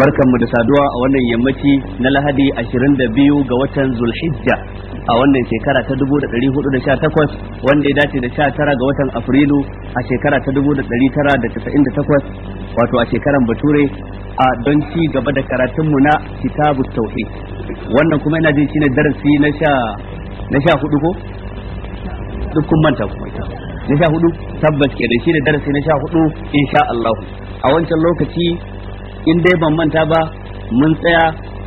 barkanmu da saduwa a wannan yammaci na lahadi 22 ga watan zulhijja a wannan shekara ta 1418 wanda ya dace da 19 ga watan afrilu a shekara ta 1998 wato a shekaran bature a don ci gaba da karatunmu na kitabu Tauhi. wannan kuma yana jin shine darasi na sha na sha hudu ko duk kun manta kuma na sha hudu tabbas ke da shine darasi na sha hudu insha Allah a wancan lokaci in dai ban manta ba mun tsaya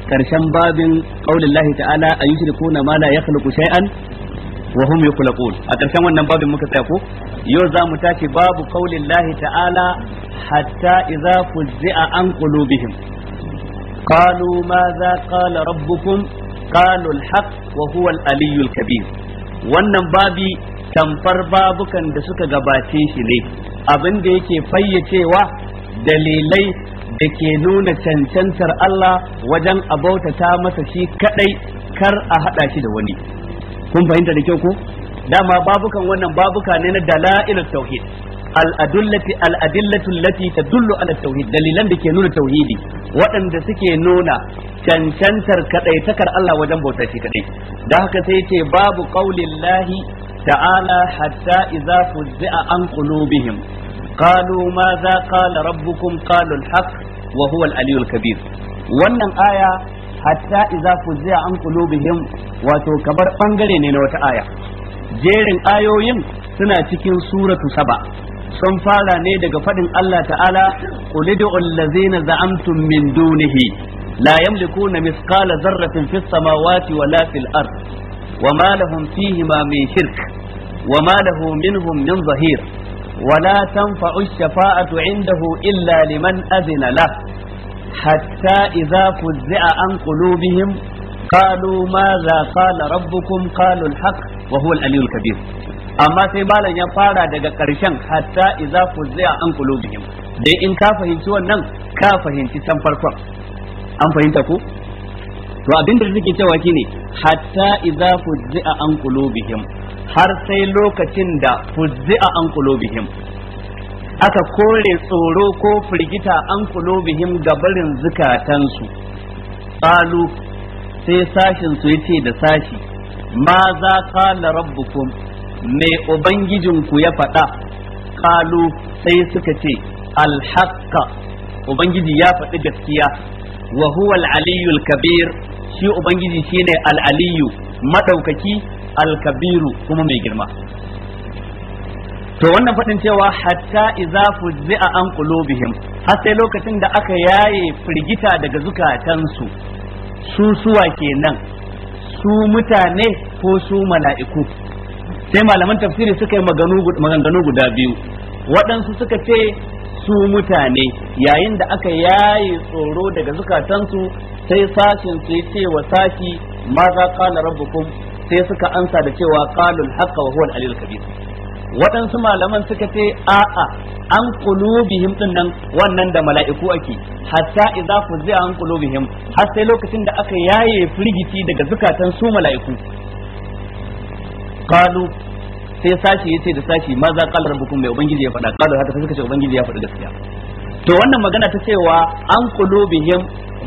karshen babin qaulin lahi ta'ala an yushrikuna ma la yakhluqu shay'an wa hum yukhlaqun a karshen wannan babin muka tsaya ko yau za mu tashi babu qaulin lahi ta'ala hatta idza fuzzi'a an qulubihim qalu madha qala rabbukum qalu al wa huwa aliyyul kabir wannan babi tamfar babukan da suka gabace shi ne abin da yake fayyacewa dalilai da ke nuna cancantar Allah wajen a ta masa shi kadai kar a hada shi da wani kun fahimta da kyau ko dama babukan wannan babuka ne na dalailut tauhid al'adullati al'adillatu lati tadullu ala tauhid dalilan da ke nuna tauhidi waɗanda suke nuna cancantar kadai takar Allah wajen bauta shi kadai da haka sai ce babu qaulillahi تعالى حتى إذا فزع عن قلوبهم قالوا ماذا قال ربكم قالوا الحق وهو العلي الكبير wannan aya hatta iza fuziya an qulubihim wato kamar bangare ne na wata aya jerin ayoyin suna cikin suratu saba sun fara ne daga faɗin Allah ta'ala qul ud'u allazina za'amtum min dunihi la yamlikuna mithqala dharratin fis samawati wala fil ard وما لهم فيهما من شرك وما له منهم من ظهير ولا تنفع الشفاعة عنده إلا لمن أذن له حتى إذا فزع عن قلوبهم قالوا ماذا قال ربكم قالوا الحق وهو الألي الكبير amma sai malam ya fara daga ƙarshen hatta iza fuzzi'a an qulubihim dai in ka fahimci wannan ka fahimci san farkon an fahimta ko to abinda suke cewa shine hatta idza fuzzi'a an qulubihim har sai lokacin da fuzzi'a an qulubihim aka kore tsoro ko firgita an qulubihim barin zukatansu qalu sai sashin su yace da sashi ma za qala rabbukum me ku ya faɗa qalu sai suka ce alhaqqa ubangiji ya faɗi gaskiya wa huwa al-aliyyul kabir shi ubangiji shine al-aliyu madaukaki al-kabiru kuma mai girma to wannan fadin cewa hatta idza fuzza an qulubihim har sai lokacin da aka yaye firgita daga zukatansu su suwa kenan su mutane ko su mala'iku sai malaman tafsiri suka yi maganganu guda biyu waɗansu suka ce su mutane yayin da aka yaye tsoro daga zukatansu sai sashin su ce wa sashi ma za qala rabbukum sai suka ansa da cewa kalul haqqa wa huwa al-aliyyul kabir waɗansu malaman suka ce a'a an qulubihim din nan wannan da mala'iku ake hatta idza fuzi'a an qulubihim har sai lokacin da aka yaye firgici daga zukatan su mala'iku kalu sai sashi ya ce da sashi ma za qala rabbukum mai ubangiji ya faɗa kalu haka sai suka ce ubangiji ya faɗa gaskiya to wannan magana ta cewa an qulubihim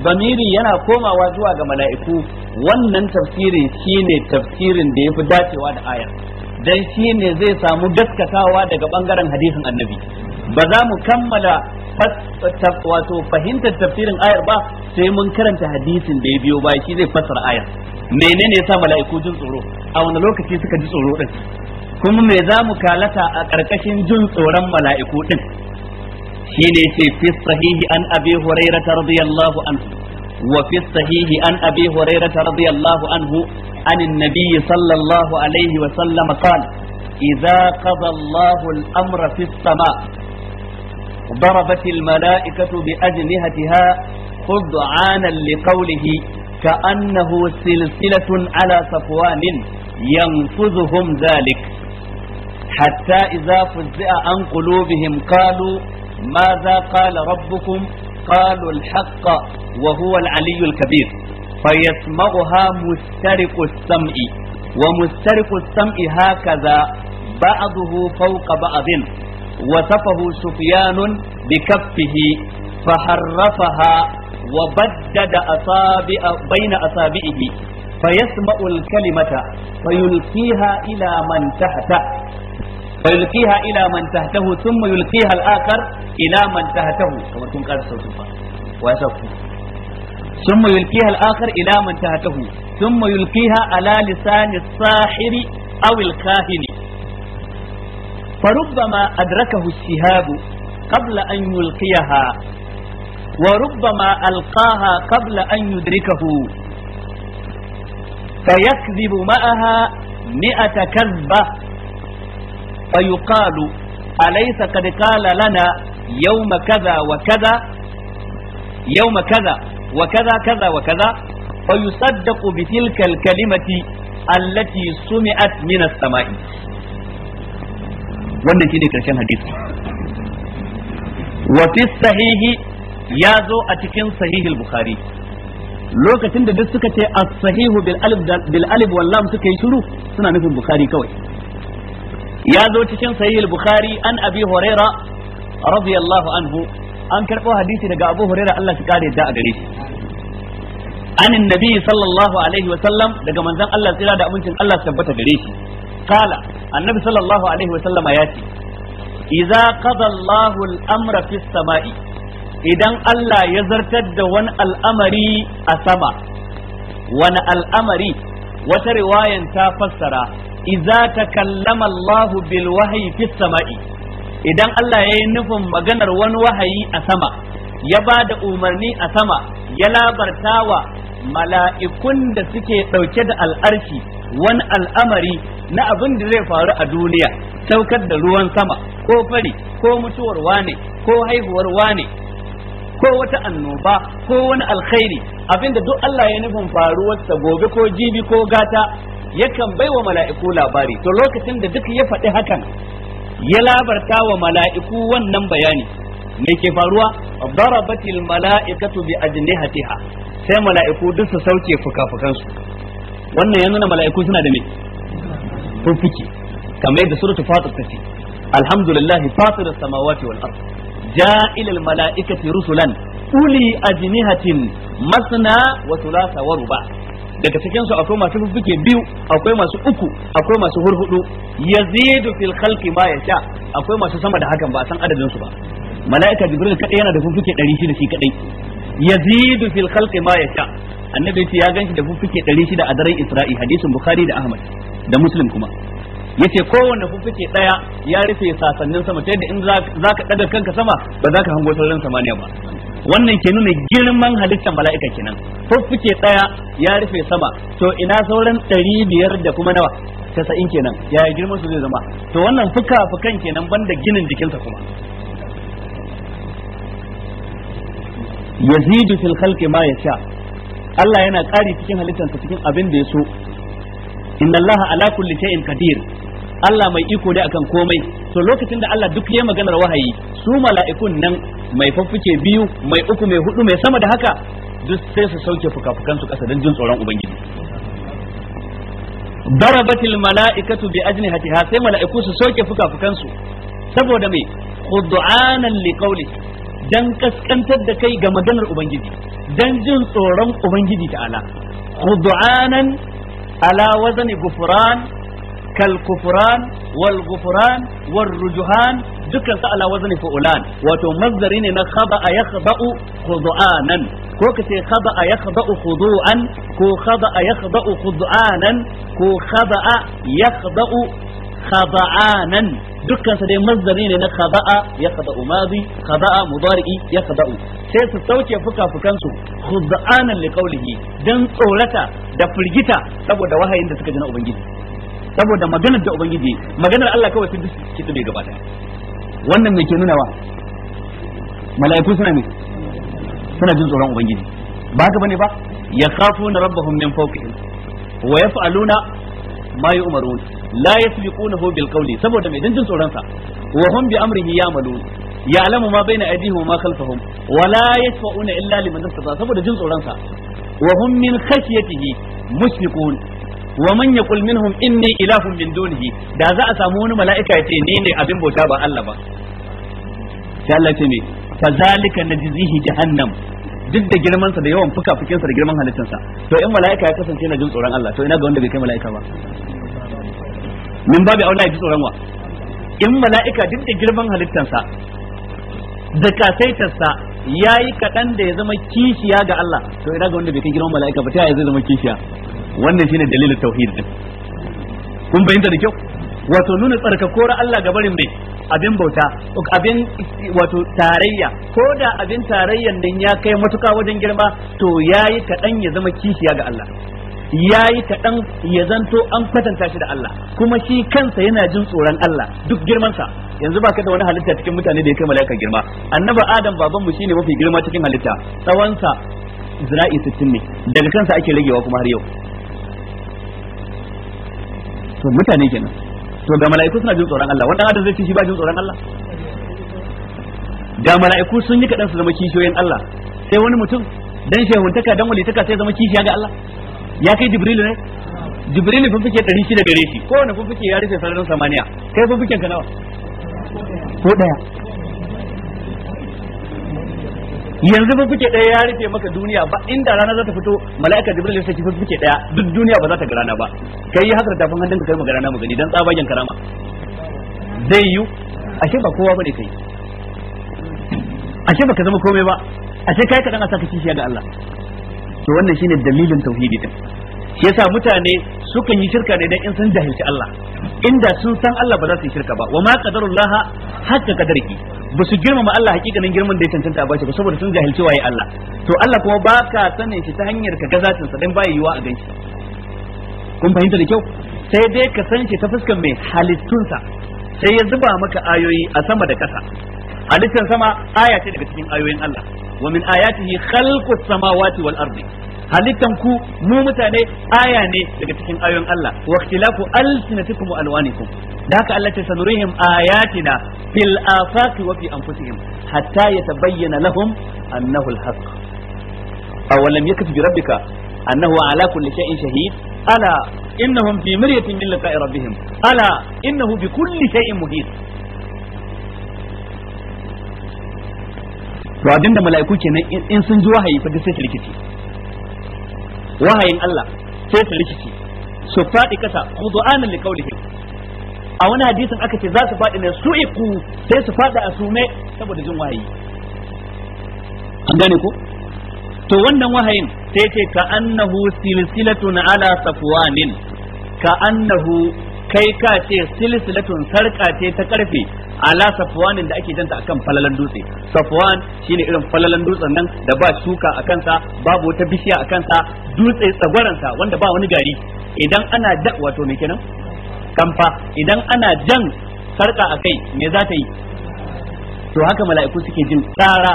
bamiri yana komawa zuwa ga mala'iku wannan tafsirin shine tafsirin da yafi dacewa da aya dan shine zai samu gaskatawa daga bangaren hadisin annabi ba za mu kammala wato fahimtar tafsirin ayar ba sai mun karanta hadisin da ya biyo ba shi zai fassara ayar menene yasa mala'iku jin tsoro a wani lokaci suka ji tsoro din kuma me za mu kalata a ƙarƙashin jin tsoron mala'iku din shine yace fi sahihi an abi hurairah radiyallahu anhu wa fi sahihi an abi hurairah radiyallahu anhu an annabi sallallahu alaihi wa sallam qala idza qada Allahu al-amra fi as-sama' ضربت الملائكة بأجنحتها خضعانا لقوله كأنه سلسلة على صفوان ينفذهم ذلك حتى إذا فزع عن قلوبهم قالوا ماذا قال ربكم قالوا الحق وهو العلي الكبير فيسمعها مسترق السمع ومسترق السمع هكذا بعضه فوق بعض وصفه سفيان بكفه فحرفها وبدد أصابع بين أصابعه فيسمع الكلمة فيلقيها إلى من تحته فيلقيها إلى من تهته ثم يلقيها الآخر إلى من تهته كما تكون قال سوسفا وأسفه ثم يلقيها الآخر إلى من تهته ثم يلقيها على لسان الساحر أو الكاهن فربما أدركه الشهاب قبل أن يلقيها وربما ألقاها قبل أن يدركه فيكذب معها مئة كذبة فيقال أليس قد قال لنا يوم كذا وكذا يوم كذا وكذا كذا وكذا فيصدق بتلك الكلمة التي سمعت من السماء wannan ne karshen hadisi wa sahihi ya zo a cikin sahihul bukhari lokacin da duk suka ce as-sahihu bil alif wallam lam suka yi shiru suna nufin bukhari kawai ya zo cikin sahih bukhari an abi huraira radiyallahu anhu an karɓo hadisi daga abu huraira Allah shi kare da a gare shi an annabi sallallahu alaihi wa sallam daga manzon Allah tsira da amincin Allah tabbata gare shi kala annabi sallallahu alaihi wa sallama ya ce idan Allah ya zartar da wani al'amari a sama wani al'amari wata riwayan ta fassara idza takallama Allahu bil wahyi fis sama'i idan Allah yayi nufin maganar wani wahayi a sama ya ba da umarni a sama ya labartawa mala'ikun da suke ɗauke da al'arshi wani al'amari na abin da zai faru a duniya saukar da ruwan sama ko fari ko mutuwar wane ko haihuwar wane ko wata annoba ko wani alkhairi abinda duk Allah ya nufin faruwarsa gobe ko jibi ko gata yakan baiwa mala'iku labari to lokacin da duk ya faɗi hakan ya labarta wa mala'iku wannan bayani me ke faruwa darabatil mala'ikatu bi ajnihatiha sai mala'iku duk su sauke fuka-fukansu wannan ya nuna mala'iku suna da me fuffuki kamar da suratul fatir tace alhamdulillah fatir as-samawati wal ard ja'il al mala'ikati rusulan uli ajnihatin masna wa daga cikin su akwai masu fuffuke biyu akwai masu uku akwai masu hurhudu yazidu fil khalqi ma yasha akwai masu sama da hakan ba san adadin su ba mala'ika jibril kadai yana da fuffuke 600 shi kadai yazidu fil khalqi ma yasha annabi ya ganshi da fuffuke 600 a daren isra'i hadisin bukhari da ahmad da muslim kuma yace kowanne fuffuke daya ya rufe sasannin sama ta yadda in zaka daga kanka sama ba za ka hango sararin samaniya ba wannan ke nuna girman halittar mala'ika kenan fuffuke ɗaya ya rufe sama to ina sauran ɗari biyar da kuma nawa casa'in kenan yaya girman su zai zama to wannan fuka-fukan kenan banda ginin jikinsa kuma yazidu fil khalqi ma yasha Allah yana ƙari cikin halittarsa cikin abin da ya so inna Allah ala kulli shay'in qadir Allah mai iko ne akan komai to lokacin da Allah duk ya maganar wahayi su mala'ikun nan mai fafuke biyu mai uku mai hudu mai sama da haka duk sai su sauke fukafukan su kasa don jin tsoron ubangiji darabatil mala'ikatu bi ajnihatiha sai mala'iku su sauke fukafukan su saboda mai khud'anan liqawli dan kaskantar da kai ga maganar ubangiji dan jin tsoron ubangiji ta'ala khud'anan ala wazni gufran kal kufran wal ghufran war dukkan sa ala wazni fu'lan wato mazdari ne na khaba'a yakhda'u khudu'anan ko kace khaba'a yakhda'u khudu'an ko khaba'a yakhda'u khudu'anan ko khaba'a yakhda'u khaba'anan dukkan sa dai mazdari ne na khaba'a yakhda'u madi khaba'a mudari'i yakhda'u sai su sauke fuka-fukan su khud'anan liqaulihi dan tsorata da firgita saboda wahayin da suka ji na ubangiji saboda maganar da ubangiji maganar Allah kawai sun ki su bai gabata wannan me ke nuna wa mala'iku suna ne suna jin tsoron ubangiji ba haka bane ba ya khafuna rabbahum min fawqihim wa yaf'aluna ma yu'marun la yasbiqunahu bil qawli saboda mai jin tsoron sa wa hum bi amrihi ya'malun ya'lamu ma baina aydihim wa ma khalfahum wa la yashfa'una illa liman istata saboda jin tsoron sa wa hum min khashyatihi mushfiqun wa man yaqul minhum inni ilahun min dunihi da za a samu wani mala'ika ya ce ni ne abin bauta ba Allah ba sai Allah ce me kazalika najzihi jahannam duk da girman sa da yawan fuka-fukin sa da girman halittar sa to in mala'ika ya kasance na jin tsoron Allah to ina ga wanda bai kai mala'ika ba min babu aula ya ji tsoron wa in mala'ika duk da girman halittar sa da kasaitar sa yayi kaɗan da ya zama kishiya ga Allah to ina ga wanda bai kai girman mala'ika ba ta yaya zai zama kishiya wannan shine dalilin tauhid din kun bayyana da kyau wato nuna tsarkakowar Allah ga barin mai abin bauta abin wato tarayya ko da abin tarayyan nan ya kai matuka wajen girma to yayi kadan ya zama kishiya ga Allah yayi kaɗan ya zanto an kwatanta shi da Allah kuma shi kansa yana jin tsoron Allah duk girmansa yanzu baka da wani halitta cikin mutane da ya kai mala'ika girma annaba adam baban mu shine mafi girma cikin halitta tsawonsa zira'i 60 ne daga kansa ake ragewa kuma har yau to mutane kenan to ga mala'iku suna jin tsoron Allah wanda adam zai ci shi ba jin tsoron Allah ga mala'iku sun yi kadan su zama kishiyoyin Allah sai wani mutum dan shehuntaka dan walitaka sai zama kishiya ga Allah ya kai jibril ne jibrilu fuffuke 600 gare shi kowane fuffuke ya rufe sararin samaniya kai fuffuken ka nawa ko ɗaya yanzu ba kuke ɗaya ya rufe maka duniya ba inda rana za ta fito mala'ika jibril ya saki kuke ɗaya duk duniya ba za ta ga rana ba kai yi hasar tafin hannun kai magana mu gani dan tsabagen karama zai yi ashe ba kowa bane kai ashe baka zama komai ba ashe kai ka a asaka kishiya ga Allah to wannan shine dalilin tauhidi din yasa mutane sukan yi shirka ne dan in sun jahilci Allah inda sun san Allah ba za su yi shirka ba wa ma qadarullah hakka qadarki ba su girmama Allah hakikanin girman da ya cancanta ba shi ba saboda sun jahilci waye Allah to Allah kuma ba ka sanin shi ta hanyar ka gazatin sa dan bai yiwa a ganshi kun fahimta da kyau sai dai ka san shi ta fuskar mai sa sai ya zuba maka ayoyi a sama da kasa halittun sama aya ce daga cikin ayoyin Allah wa min ayatihi khalqus samawati wal ardi halittan ku mu mutane aya ne daga cikin ayoyin Allah wa ikhtilafu alsinatikum wa alwanikum da haka Allah ta sanurihim ayatina fil afaqi wa fi anfusihim hatta yatabayyana lahum annahu alhaq aw lam yakfi bi rabbika annahu ala kulli shay'in shahid ala innahum fi miryatin min liqa'i rabbihim ala innahu bi kulli shay'in muhit to abin da mala'iku kenan in sun ji wahayi fa sai su rikici wahayin Allah sai su rikici su faɗi kasa li qawlihi a wani hadisin aka ce za su faɗi ne su'iku sai su faɗi a sume saboda jin wahayi an gane ko to wannan wahayin sai ce ka annahu silsilatun ala safwanin ka annahu kai ka ce silsilatun sarka ce ta karfe ala safwanin da ake janta akan falalan dutse safwan shine irin falalan dutsen nan da ba shuka a kansa babu wata bishiya a kansa dutse tsagwaransa wanda ba wani gari idan ana da wato me kenan kamfa idan ana jan sarka a kai me za ta yi to haka mala'iku suke jin tsara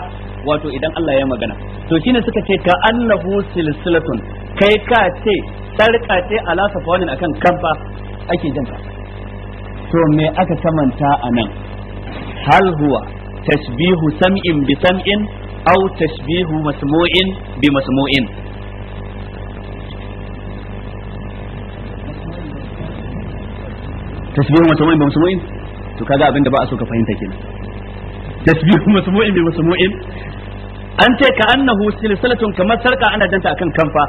wato idan Allah ya magana to shine suka ce ka annahu silsilatun kai ka ce sarka ce ala safwanin akan kamfa ake jin ta to me aka samanta a nan hal huwa tashbihu sam'in bi sam'in aw tashbihu masmu'in bi masmu'in Tashbihu masmu'in bi masmu'in to kaga abinda ba a so ka fahimta kenan tashbihu masmu'in bi masmu'in an ce ka annahu silsilatun kamar sarka ana danta akan kamfa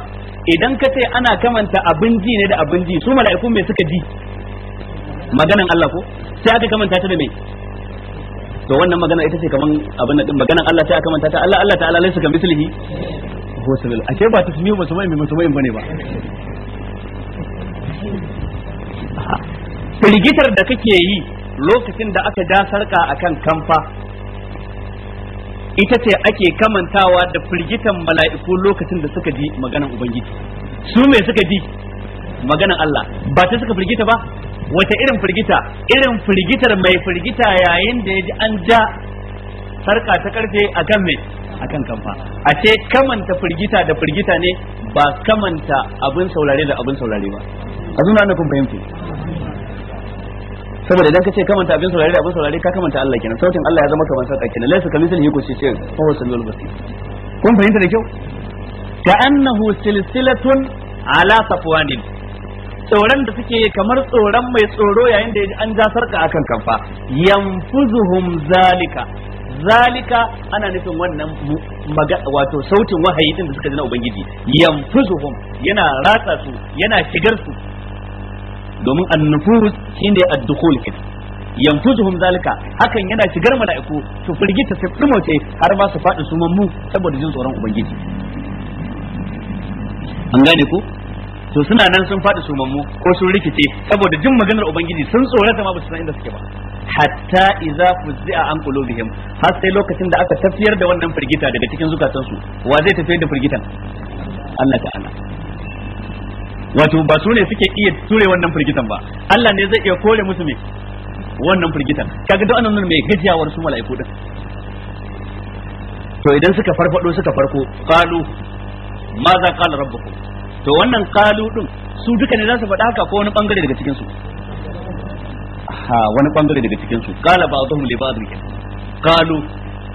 idan ka ce ana kamanta abin ji ne da abin ji su mala'iku me suka ji maganan Allah ko sai aka kamanta ta da mai to wannan magana ita ce kaman abin din maganan Allah sai aka kamanta ta Allah Allah ta'ala laysa kamithlihi mislihi a ake ba tasmiyu musamman mai musamman bane ba rigitar da kake yi lokacin da aka da sarka akan kamfa ita ce ake kamantawa da firgitan mala'iku lokacin da suka ji maganan ubangiji su me suka ji maganan Allah ba ta suka firgita ba wata irin firgita irin firgitar mai firgita yayin da ya ji an ja sarka ta karfe akan a akan kamfa a ce kamanta firgita da firgita ne ba kamanta abin saurare da abin saurare ba a zuna na kun fahimci. saboda idan ka ce kamanta abin saurare da abin saurare ka kamanta Allah kenan sautin Allah ya zama kamar sarka kenan laysa kamithlihi yuku shi ce fa huwa samiul basir kun fahimta da kyau ka annahu silsilatun ala safwanin tsoron da suke kamar tsoron mai tsoro yayin da an ja sarka akan kamfa yanfuzuhum zalika zalika ana nufin wannan wato sautin wahayi din da suka ji na ubangiji yanfuzuhum yana ratsa su yana shigar su domin annufus inda ya dukhul kif yanfuzuhum zalika hakan yana shigar mala'iku su firgita su firmoce har ba su faɗi suman mu saboda jin tsoron ubangiji an gane ku? to suna nan sun faɗi suman mu ko sun rikice saboda jin maganar ubangiji sun tsorata ma ba su san inda suke ba hatta idza fuzzi'a an qulubihim har sai lokacin da aka tafiyar da wannan firgita daga cikin zukatansu wa zai tafiyar da firgitan Allah ta'ala wato ba su ne suke iya ture wannan firgitan ba Allah ne zai iya kore musu me wannan firgitan kaga duk annan mai gajiyawar su mala'iku din to idan suka farfado suka farko qalu ma za qala rabbukum to wannan qalu din su duka ne za su faɗa haka ko wani bangare daga cikin su ha wani bangare daga cikin su qala ba'dhum li ba'd qalu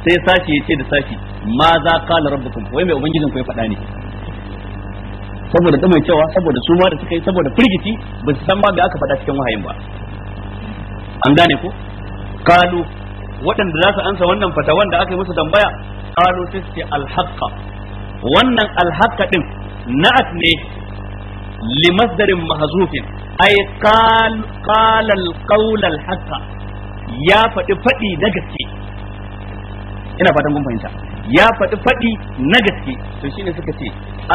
sai sashi yace da sashi ma za qala rabbukum wai mai ubangijin ku ya faɗa ne saboda da mai cewa saboda su ma da suka yi saboda firgici ba su san ba me aka faɗa cikin wahayin ba an gane ko kalu waɗanda za su ansa wannan fatawan da aka yi musu tambaya kalu sai su ce wannan alhaqa din na'at ne limasdarin mahzufin ay qal qala alqawl alhaqa ya faɗi faɗi da gaske ina fatan kun fahimta ya faɗi faɗi na gaske to shine suka ce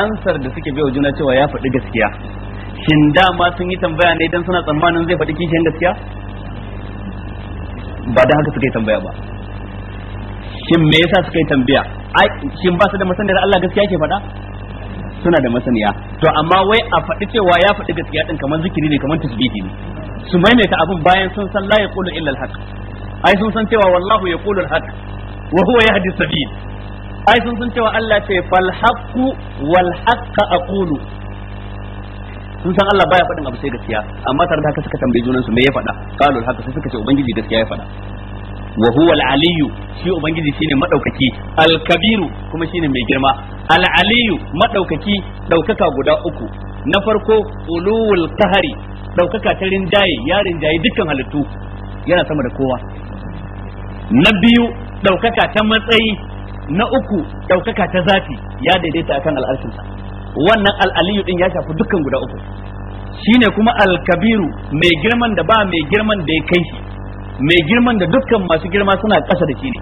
ansar da suke baiwa juna cewa ya faɗi gaskiya shin dama sun yi tambaya ne idan suna tsammanin zai faɗi kishin gaskiya ba da haka suka yi tambaya ba shin me yasa suka yi tambaya ai shin ba su da masaniyar Allah gaskiya ke faɗa suna da masaniya to amma wai a faɗi cewa ya faɗi gaskiya din kamar zikiri ne kamar tasbihi ne su maimaita abin bayan sun san la yaqulu illa al-haq ai sun san cewa wallahu yaqulu al-haq wa huwa yahdi sabil ai sun sun cewa Allah ce fal haqqu wal haqqa aqulu sun san Allah baya faɗin abu sai gaskiya amma tare da haka suka tambayi junan su me ya faɗa qalu haka sai suka ce ubangiji gaskiya ya faɗa wa huwa al aliyu shi ubangiji shine madaukaki al kabiru kuma shine mai girma al aliyu madaukaki daukaka guda uku na farko ulul ɗaukaka daukaka ta rinjaye ya rinjaye dukkan halittu yana sama da kowa na biyu daukaka ta matsayi na uku daukaka ta zafi ya daidaita akan al'arshinsa wannan al'aliyu din ya shafi dukkan guda uku shine kuma Al-Kabiru mai girman da ba mai girman da ya kai shi mai girman da dukkan masu girma suna ƙasa da shi ne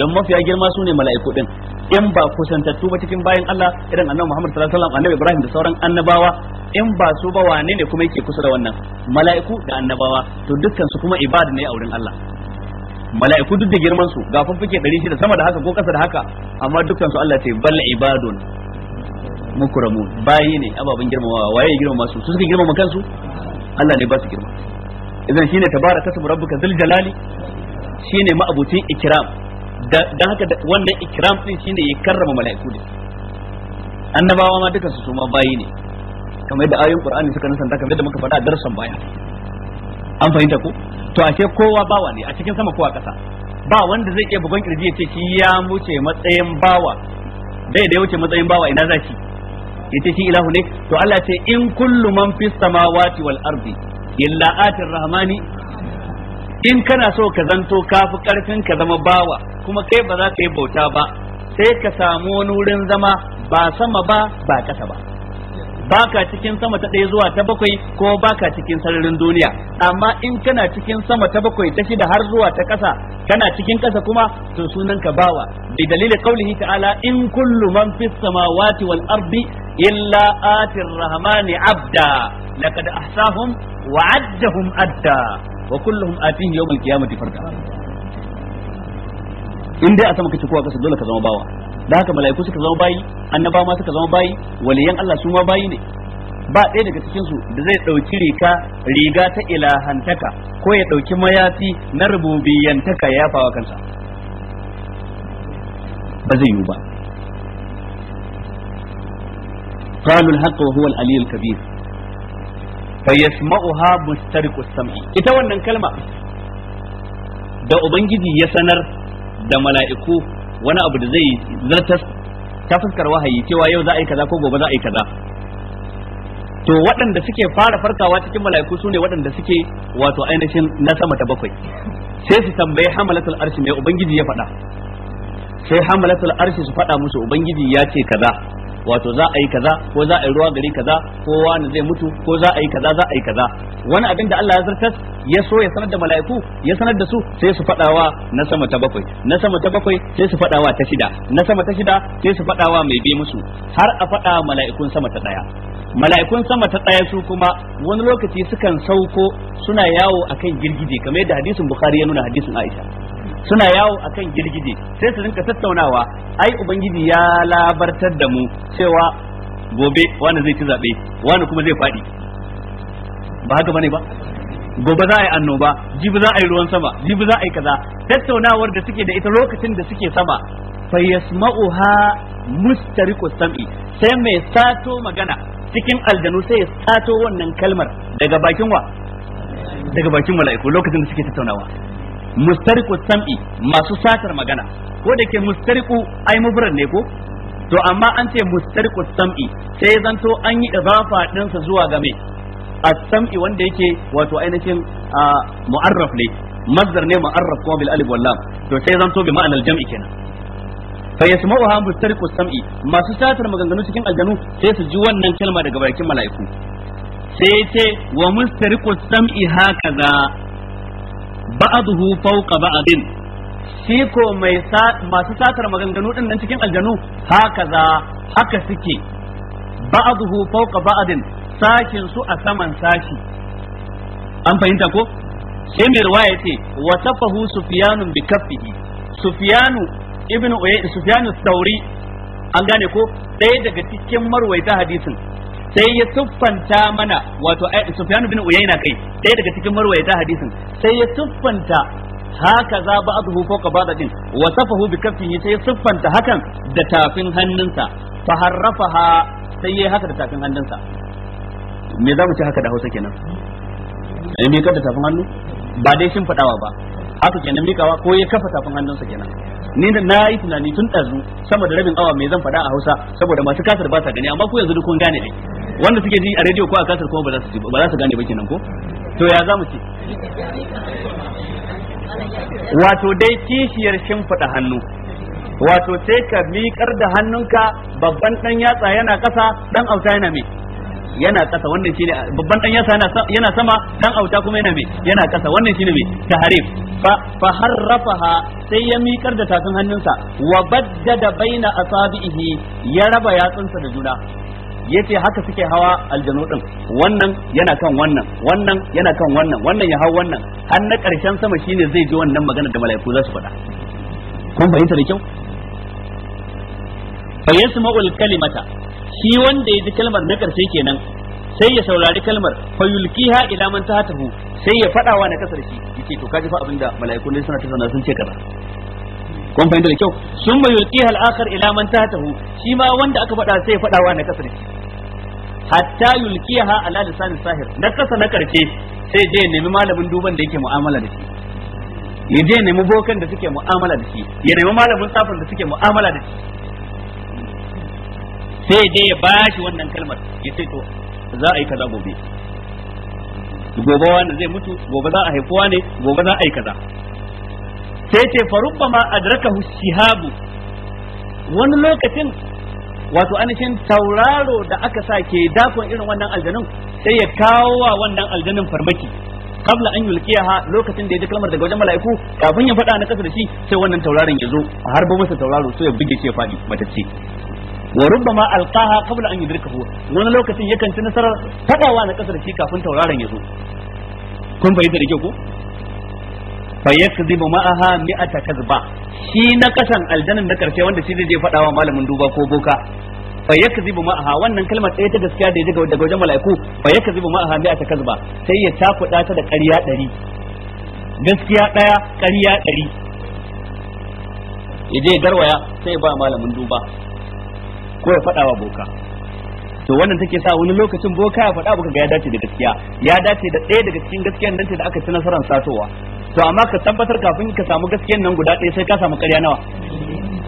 don mafiya girma su ne mala'iku din in ba kusantattu ba cikin bayan Allah irin annabi Muhammad sallallahu alaihi wasallam annabi Ibrahim da sauran annabawa in ba su ba wane ne kuma yake kusa da wannan mala'iku da annabawa to dukkan su kuma ibada ne a wurin Allah mala'iku duk da girman su ga fuffuke 600 sama da haka ko kasa da haka amma dukkan su Allah ce bal ibadun mukramu bayi ne ababen girmamawa waye ya girmama su su suka girmama kansu Allah ne ba su girma idan shine tabaraka tasbu rabbuka zul jalali shine ma'abucin ikram dan haka wannan ikram din shine ya karrama mala'iku ne annabawa ma dukkan su su ma bayi ne kamar da ayoyin qur'ani suka nasanta kamar da muka faɗa a darsan baya an fahimta ko to ashe kowa bawa ne a cikin sama kowa kasa ba wanda zai iya bugon kirji ya ce shi ya wuce matsayin bawa dai da ya wuce matsayin bawa ina za Ya yace shi ilahu ne to Allah ce in kullu man fi samawati wal ardi illa atir rahmani in kana so ka zanto kafi karfin ka zama bawa kuma kai ba za ka yi bauta ba sai ka samu wani wurin zama ba sama ba ba kasa ba baka cikin sama ta ɗaya zuwa ta bakwai ko baka cikin sararin duniya amma in kana cikin sama ta bakwai ta shida har zuwa ta ƙasa kana cikin ƙasa kuma to sunan ka bawa bi dalilin qaulihi ta'ala in kullu man fis samawati wal ardi illa atir rahmani abda laqad ahsahum wa addahum adda wa kulluhum atihi yawm qiyamati farda in dai a sama kace kowa kasa dole ka zama bawa da haka mala'iku suka zama bayi annabawa ma suka zama bayi waliyan Allah su ma bayi ne ba ɗaya daga cikin su da zai ɗauki riga riga ta ilahantaka ko ya ɗauki mayafi na rububiyantaka ya fawa kansa ba zai yiwu ba قالوا الحق وهو العلي الكبير فيسمعها مسترق السمع ita wannan kalma da ubangiji ya sanar da mala'iku wani abu da zai zartas ta fuskar wahayi cewa yau za a yi kaza ko gobe za a yi kaza to waɗanda suke fara farkawa cikin mala'iku su ne waɗanda suke wato ainihin na sama ta bakwai sai su tambayi hamalatul arshi mai ubangiji ya faɗa sai hamalatul arshi su faɗa musu ubangiji ya ce kaza wato za a yi kaza ko za a yi ruwa gari kaza ko wani zai mutu ko za a yi kaza za a yi kaza wani abin da Allah ya zartas ya so ya sanar da mala'iku ya sanar da su sai su fadawa na sama ta bakwai na sama ta bakwai sai su fadawa ta shida na sama ta shida sai su fadawa mai bi musu har a fada mala'ikun sama ta daya mala'ikun sama ta daya su kuma wani lokaci sukan sauko suna yawo akan girgije kamar yadda hadisin bukhari ya nuna hadisin aisha suna yawo a kan girgije sai su rinka tattaunawa ai ubangiji ya labartar da mu cewa gobe wani zai ci zaɓe, wani kuma zai faɗi. ba haka bane ba gobe za a yi annoba jibi za a yi ruwan sama jibi za a yi kaza tattaunawar da suke da ita lokacin da suke sama fa yasma'uha mustariqu sam'i sai mai sato magana cikin aljanu sai ya sato wannan kalmar daga bakin wa daga bakin mala'iku lokacin da suke tattaunawa mustariku sam'i masu satar magana ko da ke mustariku ai mubran ne ko to amma an ce mustariku sam'i sai zanto an yi idafa sa zuwa ga mai as-sam'i wanda yake wato ainihin mu'arraf ne mazdar ne mu'arraf kuma bil alif wal to sai zanto bi ma'anar jam'i kenan fa yasma'uha mustariku sam'i masu satar maganganu cikin aljanu sai su ji wannan kalma daga bakin mala'iku sai ya ce wa mustariku sam'i hakaza ba'aduhu fawqa ba'adin shi mai masu satar maganganu din nan cikin aljanu Haka za haka suke ba'aduhu fawqa ba'adin sashin su a saman sashi an fahimta ko sai mai riwaya yace wa tafahu sufyanun bi kaffihi sufyanu ibnu uyay sufyanu sauri, an gane ko ɗaya daga cikin marwaita hadisin sai ya siffanta mana wato sufyanu bin Uyayna kai ɗaya daga cikin marwayata hadisin sai ya siffanta haka za ba ka fawqa ba'din wa safahu bi kaffihi sai ya siffanta hakan da tafin hannunsa fa harrafaha sai yayi haka da tafin hannunsa me za mu ci haka da Hausa kenan eh me da tafin hannu ba dai shin fadawa ba haka kenan mikawa ko ya kafa tafin hannunsa kenan ni da na yi tunani tun ɗazu sama da rabin awa me zan faɗa a Hausa saboda masu kasar ba sa gani amma ku yanzu duk kun gane ne wanda suke ji a rediyo ko a kasar kuma ba za su ba za su gane ba kenan ko to ya za mu ce wato dai kishiyar shimfiɗa hannu wato sai ka miƙar da hannunka babban ɗan yatsa yana ƙasa ɗan auta yana mai yana ƙasa wannan shine babban ɗan yatsa yana sama ɗan auta kuma yana mai yana ƙasa wannan shine mai taharif fa fa harrafaha sai ya miƙar da tafin hannunsa wa baddada baina asabihi ya raba yatsunsa da juna yace haka suke hawa aljanu din wannan yana kan wannan wannan yana kan wannan wannan ya hau wannan har na karshen sama shine zai ji wannan magana da mala'iku za su faɗa kun fahimta da kyau fa yasma'ul kalimata shi wanda ya ji kalmar na karshe kenan sai ya saurari kalmar fa yulkiha ila man tahtahu sai ya faɗa wa na kasar shi yace to kaji fa abinda mala'iku ne suna tattauna sun ce kaza kun fahimta da kyau sun mai yulki al-akhar ila man tahtahu shi ma wanda aka faɗa sai faɗawa na kasar hatta yulkiha ala lisan sahir na kasa na karshe sai je nemi malamin duban da yake mu'amala da shi ya je nemi bokan da suke mu'amala da shi ya nemi malamin tsafin da suke mu'amala da shi sai je ya bashi wannan kalmar ya ce to za a yi kaza gobe gobe wanda zai mutu gobe za a haifuwa ne gobe za a yi kaza sai ce faruɓa ma adrakahu shihabu wani lokacin wato anishin tauraro da aka sa ke dakon irin wannan aljanun sai ya kawo wa wannan aljanun farmaki kabla an ha lokacin da ya ji kalmar daga wajen mala'iku kafin ya faɗa na ƙasa da shi sai wannan tauraron ya zo a harba masa tauraro sai ya buge shi ya faɗi matacce wa rubbama alqaha qabla an yudrikahu wani lokacin yakan ci nasarar tabawa na ƙasa da shi kafin tauraron ya zo kun bayyana da kyau ko fa yakzibu ma'aha mi'ata kazba shi na kasan aljanin na karshe wanda shi zai je faɗawa malamin duba ko boka fa yakzibu ma'aha wannan kalmar ɗaya ta gaskiya da ya daga wajen mala'iku fa yakzibu ma'aha mi'ata kazba sai ya takuɗa ta da ƙarya ɗari gaskiya ɗaya ƙarya ɗari ya je garwaya sai ba malamin duba ko ya faɗawa boka to wannan take sa wani lokacin boka ya faɗa baka ga ya dace da gaskiya ya dace da ɗaya daga cikin gaskiyan nan da aka ci nasarar satowa to amma ka tabbatar kafin ka samu gaskiyan nan guda ɗaya sai ka samu ƙarya nawa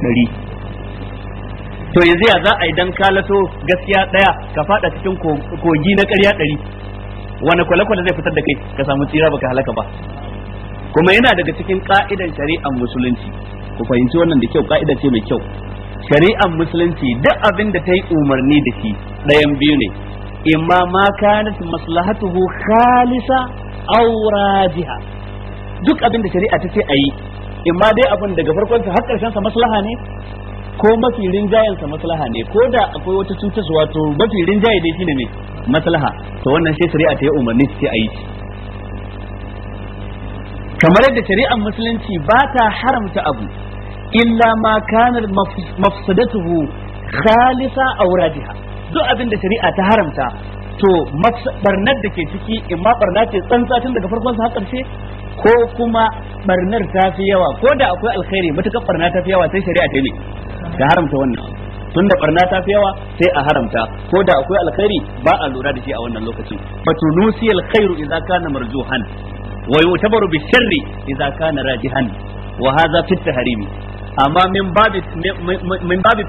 ɗari to yanzu ya za a yi dan lato gaskiya ɗaya ka faɗa cikin kogi na ƙarya ɗari wani kwale-kwale zai fitar da kai ka samu tsira baka halaka ba kuma yana daga cikin ka'idan shari'ar musulunci ku fahimci wannan da kyau ka'ida ce mai kyau shari'ar musulunci duk abin da ta yi umarni da shi ɗayan biyu ne imma ma kanat maslahatuhu khalisa aw rajiha duk abin da shari'a ta ce a yi in ma dai abin daga farkon sa har karshen sa maslaha ne ko mafi rinjayen sa maslaha ne ko da akwai wata cutarwa to mafi rinjaye dai shine ne maslaha to wannan shi shari'a ta yi umarni su ce a yi kamar yadda shari'ar musulunci ba ta haramta abu illa ma kana mafsadatuhu khalisa aw rajiha duk abin da shari'a ta haramta to barnar da ke ciki in ma barna ce tsantsa tun daga farkon sa har karshe ko kuma barnar ta fi yawa ko da akwai alkhairi matuƙar barna ta fi yawa sai shari'a ta ne ta haramta wannan tunda barna ta fi yawa sai a haramta ko da akwai alkhairi ba a lura da shi a wannan lokacin fatunusi alkhairu idza kana marjuhan wa yutabaru bisharri idza kana rajihan wa hadha fi amma min babi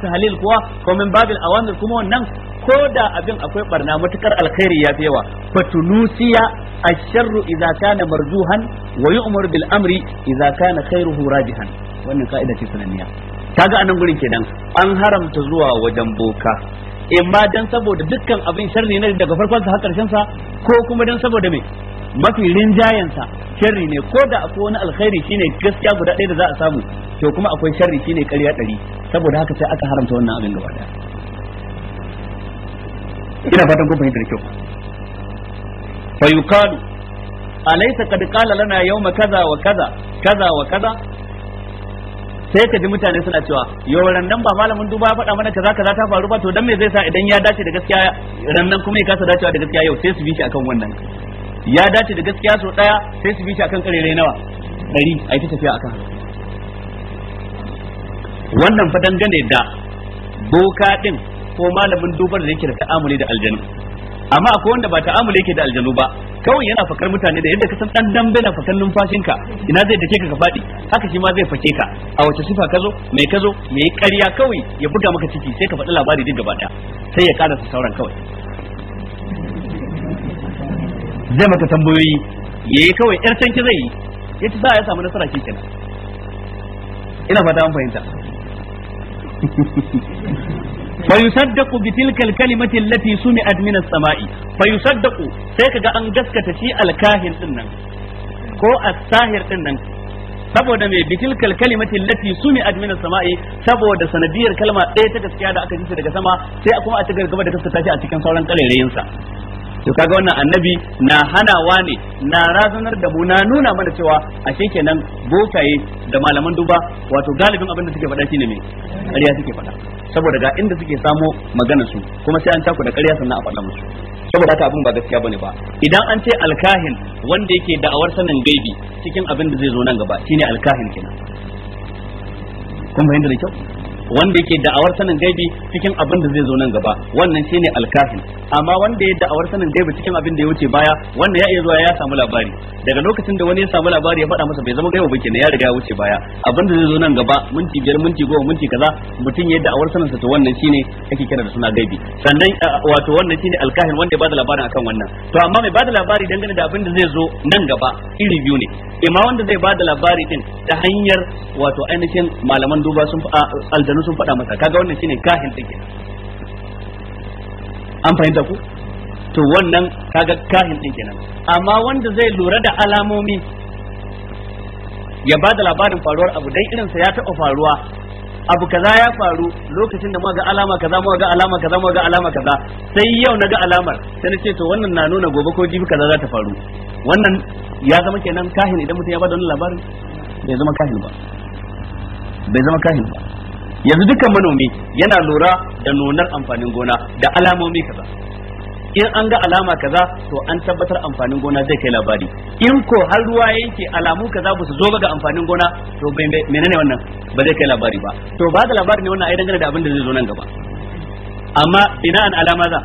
ta halil kuwa ko min babi awamir kuma wannan ko da abin akwai barna matukar alkhairi ya fi yawa fatunusiya asharru idza kana marjuhan wa yu'mar bil amri idza kana khairuhu rajihan wannan ka'ida ce Ta kaga anan gurin kenan an haramta zuwa wajen boka imma dan saboda dukkan abin sharri ne daga farkon sa har karshen sa ko kuma dan saboda me mafi rinjayensa sharri ne ko da akwai wani alkhairi shine gaskiya guda ɗaya da za a samu to kuma akwai sharri shine ƙarya ɗari saboda haka sai aka haramta wannan abin gaba ɗaya ina fatan kun fahimta da kyau fa yuqalu alaysa qad qala lana yawma kaza wa kaza kaza wa kaza sai ka ji mutane suna cewa yau randan ba malamin duba faɗa mana kaza kaza ta faru ba to dan me zai sa idan ya dace da gaskiya randan kuma ya kasa dacewa da gaskiya yau sai su bi shi akan wannan ya dace da gaskiya sau daya sai su bi shi akan karere nawa dari a yi ta tafiya akan wannan fa dangane da boka din ko malamin dubar da yake da ta'amuli da aljanu amma akwai wanda ba ta'amuli yake da aljanu ba kawai yana fakar mutane da yadda ka san dan dambe na fakar ka, ina zai dake ka ka faɗi? haka shi ma zai fake ka a wace sifa ka zo mai ka zo mai ƙarya kawai ya buga maka ciki sai ka faɗi labari duk gaba sai ya ƙara sauran kawai zai maka tambayoyi Ya yi kawai yar canki zai yi ya ci ya samu nasara ke kenan ina fata an fahimta fa yusaddaqu bi tilka al-kalimati allati sumi'at min as-sama'i fa yusaddaqu sai kaga an gaskata shi al-kahin din nan ko as-sahir din nan saboda mai bitilkal kalimatin lati sumi admin sama'i saboda sanadiyar kalma ɗaya ta gaskiya da aka ji daga sama sai kuma a ci gaba da gaskata shi a cikin sauran kalerayinsa to kaga wannan annabi na hanawa ne na razanar da mu na nuna mana cewa ashe kenan bokaye da malaman duba wato galibin abin da suke faɗa shine me ƙarya suke faɗa saboda ga inda suke samo magana su kuma sai an taku da ƙarya sannan a faɗa musu saboda haka abin ba gaskiya bane ba idan an ce alkahin wanda yake da'awar sanin gaibi cikin abin da zai zo nan gaba shine alkahin kenan kuma yanda da kyau wanda yake da'awar sanin gaibi cikin abin da zai zo nan gaba wannan shine alkafin amma wanda ya da'awar sanin gaibi cikin abin da ya wuce baya wannan ya iya zuwa ya samu labari daga lokacin da wani ya samu labari ya faɗa masa bai zama gaibi ba kenan ya riga ya wuce baya abin da zai zo nan gaba minti biyar minti goma minti kaza mutum ya da'awar sanin sa to wannan shine ake kira da suna gaibi sannan wato wannan shine alkahin wanda ya bada labarin akan wannan to amma mai bada labari dangane da abin da zai zo nan gaba iri biyu ne imma wanda zai bada labari din ta hanyar wato ainihin malaman duba sun aljan aljanu sun faɗa masa kaga wannan shine kahin ɗin kenan an fahimta ku to wannan kaga kahin ɗin kenan amma wanda zai lura da alamomi ya ba da labarin faruwar abu dan irinsa ya taɓa faruwa abu kaza ya faru lokacin da muka ga alama kaza muka ga alama kaza muka ga alama kaza sai yau na ga alamar sai na ce to wannan na nuna gobe ko jibi kaza za ta faru wannan ya zama kenan kahin idan mutum ya bada wannan labarin bai zama kahin ba bai zama kahin ba yanzu dukkan manomi yana lura da nunar amfanin gona da alamomi kaza in an ga alama kaza to an tabbatar amfanin gona zai kai labari in ko har ruwa yanke alamu kaza ba su zo ga amfanin gona to menene wannan ba zai kai labari ba to ba da labari ne wannan ai dangane da abin da zai zo nan gaba amma ina an alama za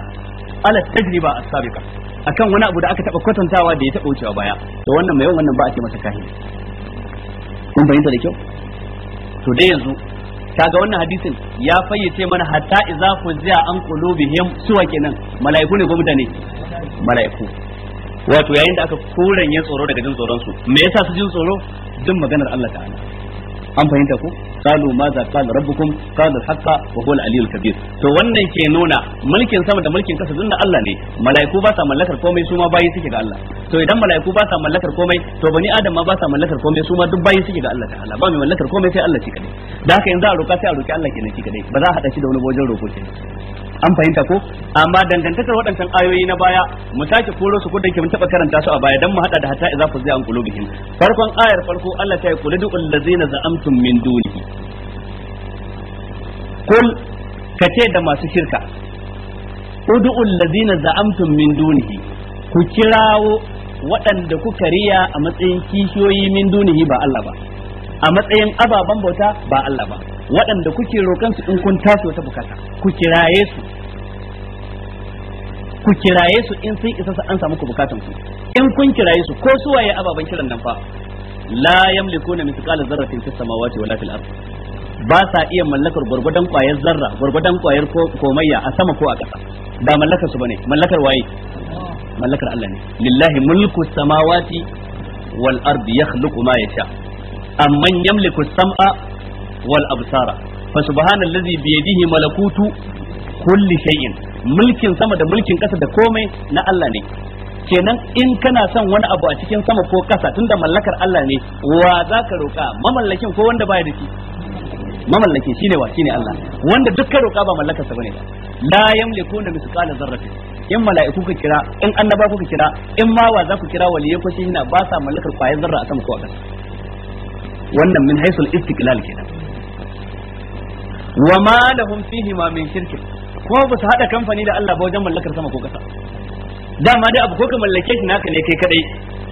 ala tajriba asabiqa akan wani abu da aka taba kwatantawa da ya taba wucewa baya to wannan mai wannan ba a ce masa kahin kun bayyana da kyau to dai yanzu kaga wannan hadisin ya fayyace mana hatta iza fuzia an qulubihim suwa kenan mala'iku ne ko mutane mala'iku wato yayin da aka koran ya tsoro daga jin tsoron su me yasa su jin tsoro din maganar Allah ta'ala an fahimta ko qalu ma za qala rabbukum qala al-haqqa wa huwa al-aliyyul kabir to wannan ke nuna mulkin sama da mulkin kasa dinna Allah ne mala'iku ba sa mallakar komai su ma bayi suke ga Allah to idan mala'iku ba sa mallakar komai to bani adam ma ba sa mallakar komai su ma duk bayi suke ga Allah Allah ba mai mallakar komai sai Allah shi kadai da haka yanzu a roka sai a roki Allah kenan shi kadai ba za a hada shi da wani bojin roko ce an fahimta ko amma dangantakar waɗancan ayoyi na baya mu sake koro su ko kudan mun taba karanta su a baya dan mu hada da hatta idza fuzza an qulubihim farkon ayar farko Allah ta yi qul ladzina za'am kuntum min dunihi kul kace da masu shirka ud'u allazina za'amtum min dunihi ku kirawo waɗanda kuka riya a matsayin kishiyoyi min dunihi ba Allah ba a matsayin ababen bauta ba Allah ba waɗanda kuke su in kun taso ta bukata ku kiraye su ku kiraye su in sun isa sa an samu ku bukatun ku in kun kiraye su ko su waye ababen kiran nan fa la يملكون مثقال dharratin في السماوات wala في ard ba sa iya mallakar gurgudan kwayar zarra gurgudan kwayar komayya a sama ko a ƙasa ba mallakar su bane mallakar waye mallakar Allah ne lillahi mulku samawati wal ard yakhluqu ma yasha amman yamliku sam'a wal absara fa subhanallazi bi yadihi malakutu kulli shay'in mulkin sama da mulkin ƙasa da komai na Allah ne kenan in kana son wani abu a cikin sama ko kasa tunda mallakar Allah ne wa za ka roƙa mamallakin ko wanda baya da shi mamallakin shine wa shine Allah wanda duk ka roƙa ba mallakar sa bane ba la na misqala zarrati in mala'iku ka kira in annaba ku ka kira in ma wa za ku kira waliyai ko shi ba sa mallakar kwayar zarra a sama ko a kasa wannan min haisul istiqlal kenan wa ma lahum fihi ma min shirkin ko ba su hada kamfani da Allah ba wajen mallakar sama ko kasa dama dai abu ko ka mallake shi naka ne kai kadai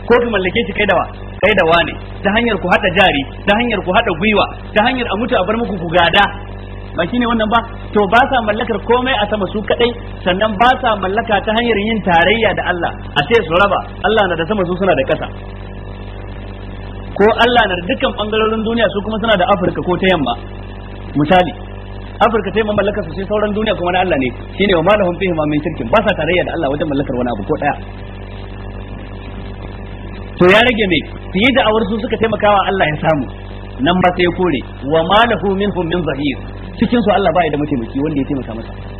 ko ka mallake shi kai dawa kai dawa ne ta hanyar ku hada jari ta hanyar ku hada gwiwa ta hanyar a mutu a bar muku ku gada ba shine wannan ba to ba sa mallakar komai a sama su kadai sannan ba sa mallaka ta hanyar yin tarayya da Allah a ce su raba Allah na da sama su suna da kasa ko Allah na da dukkan bangarorin duniya su kuma suna da Afirka ko ta yamma misali afirka sai mamallakar su sai sauran duniya kuma na Allah ne shine wa malahum fihi ma min shirkin ba sa tarayya da Allah wajen mallakar wani abu ko daya to ya rage mai fiye da awar su suka taimakawa Allah ya samu nan ba sai ya kore wa malahu minhum min zahir cikin su Allah ba ya da mataimaki wanda ya taimaka masa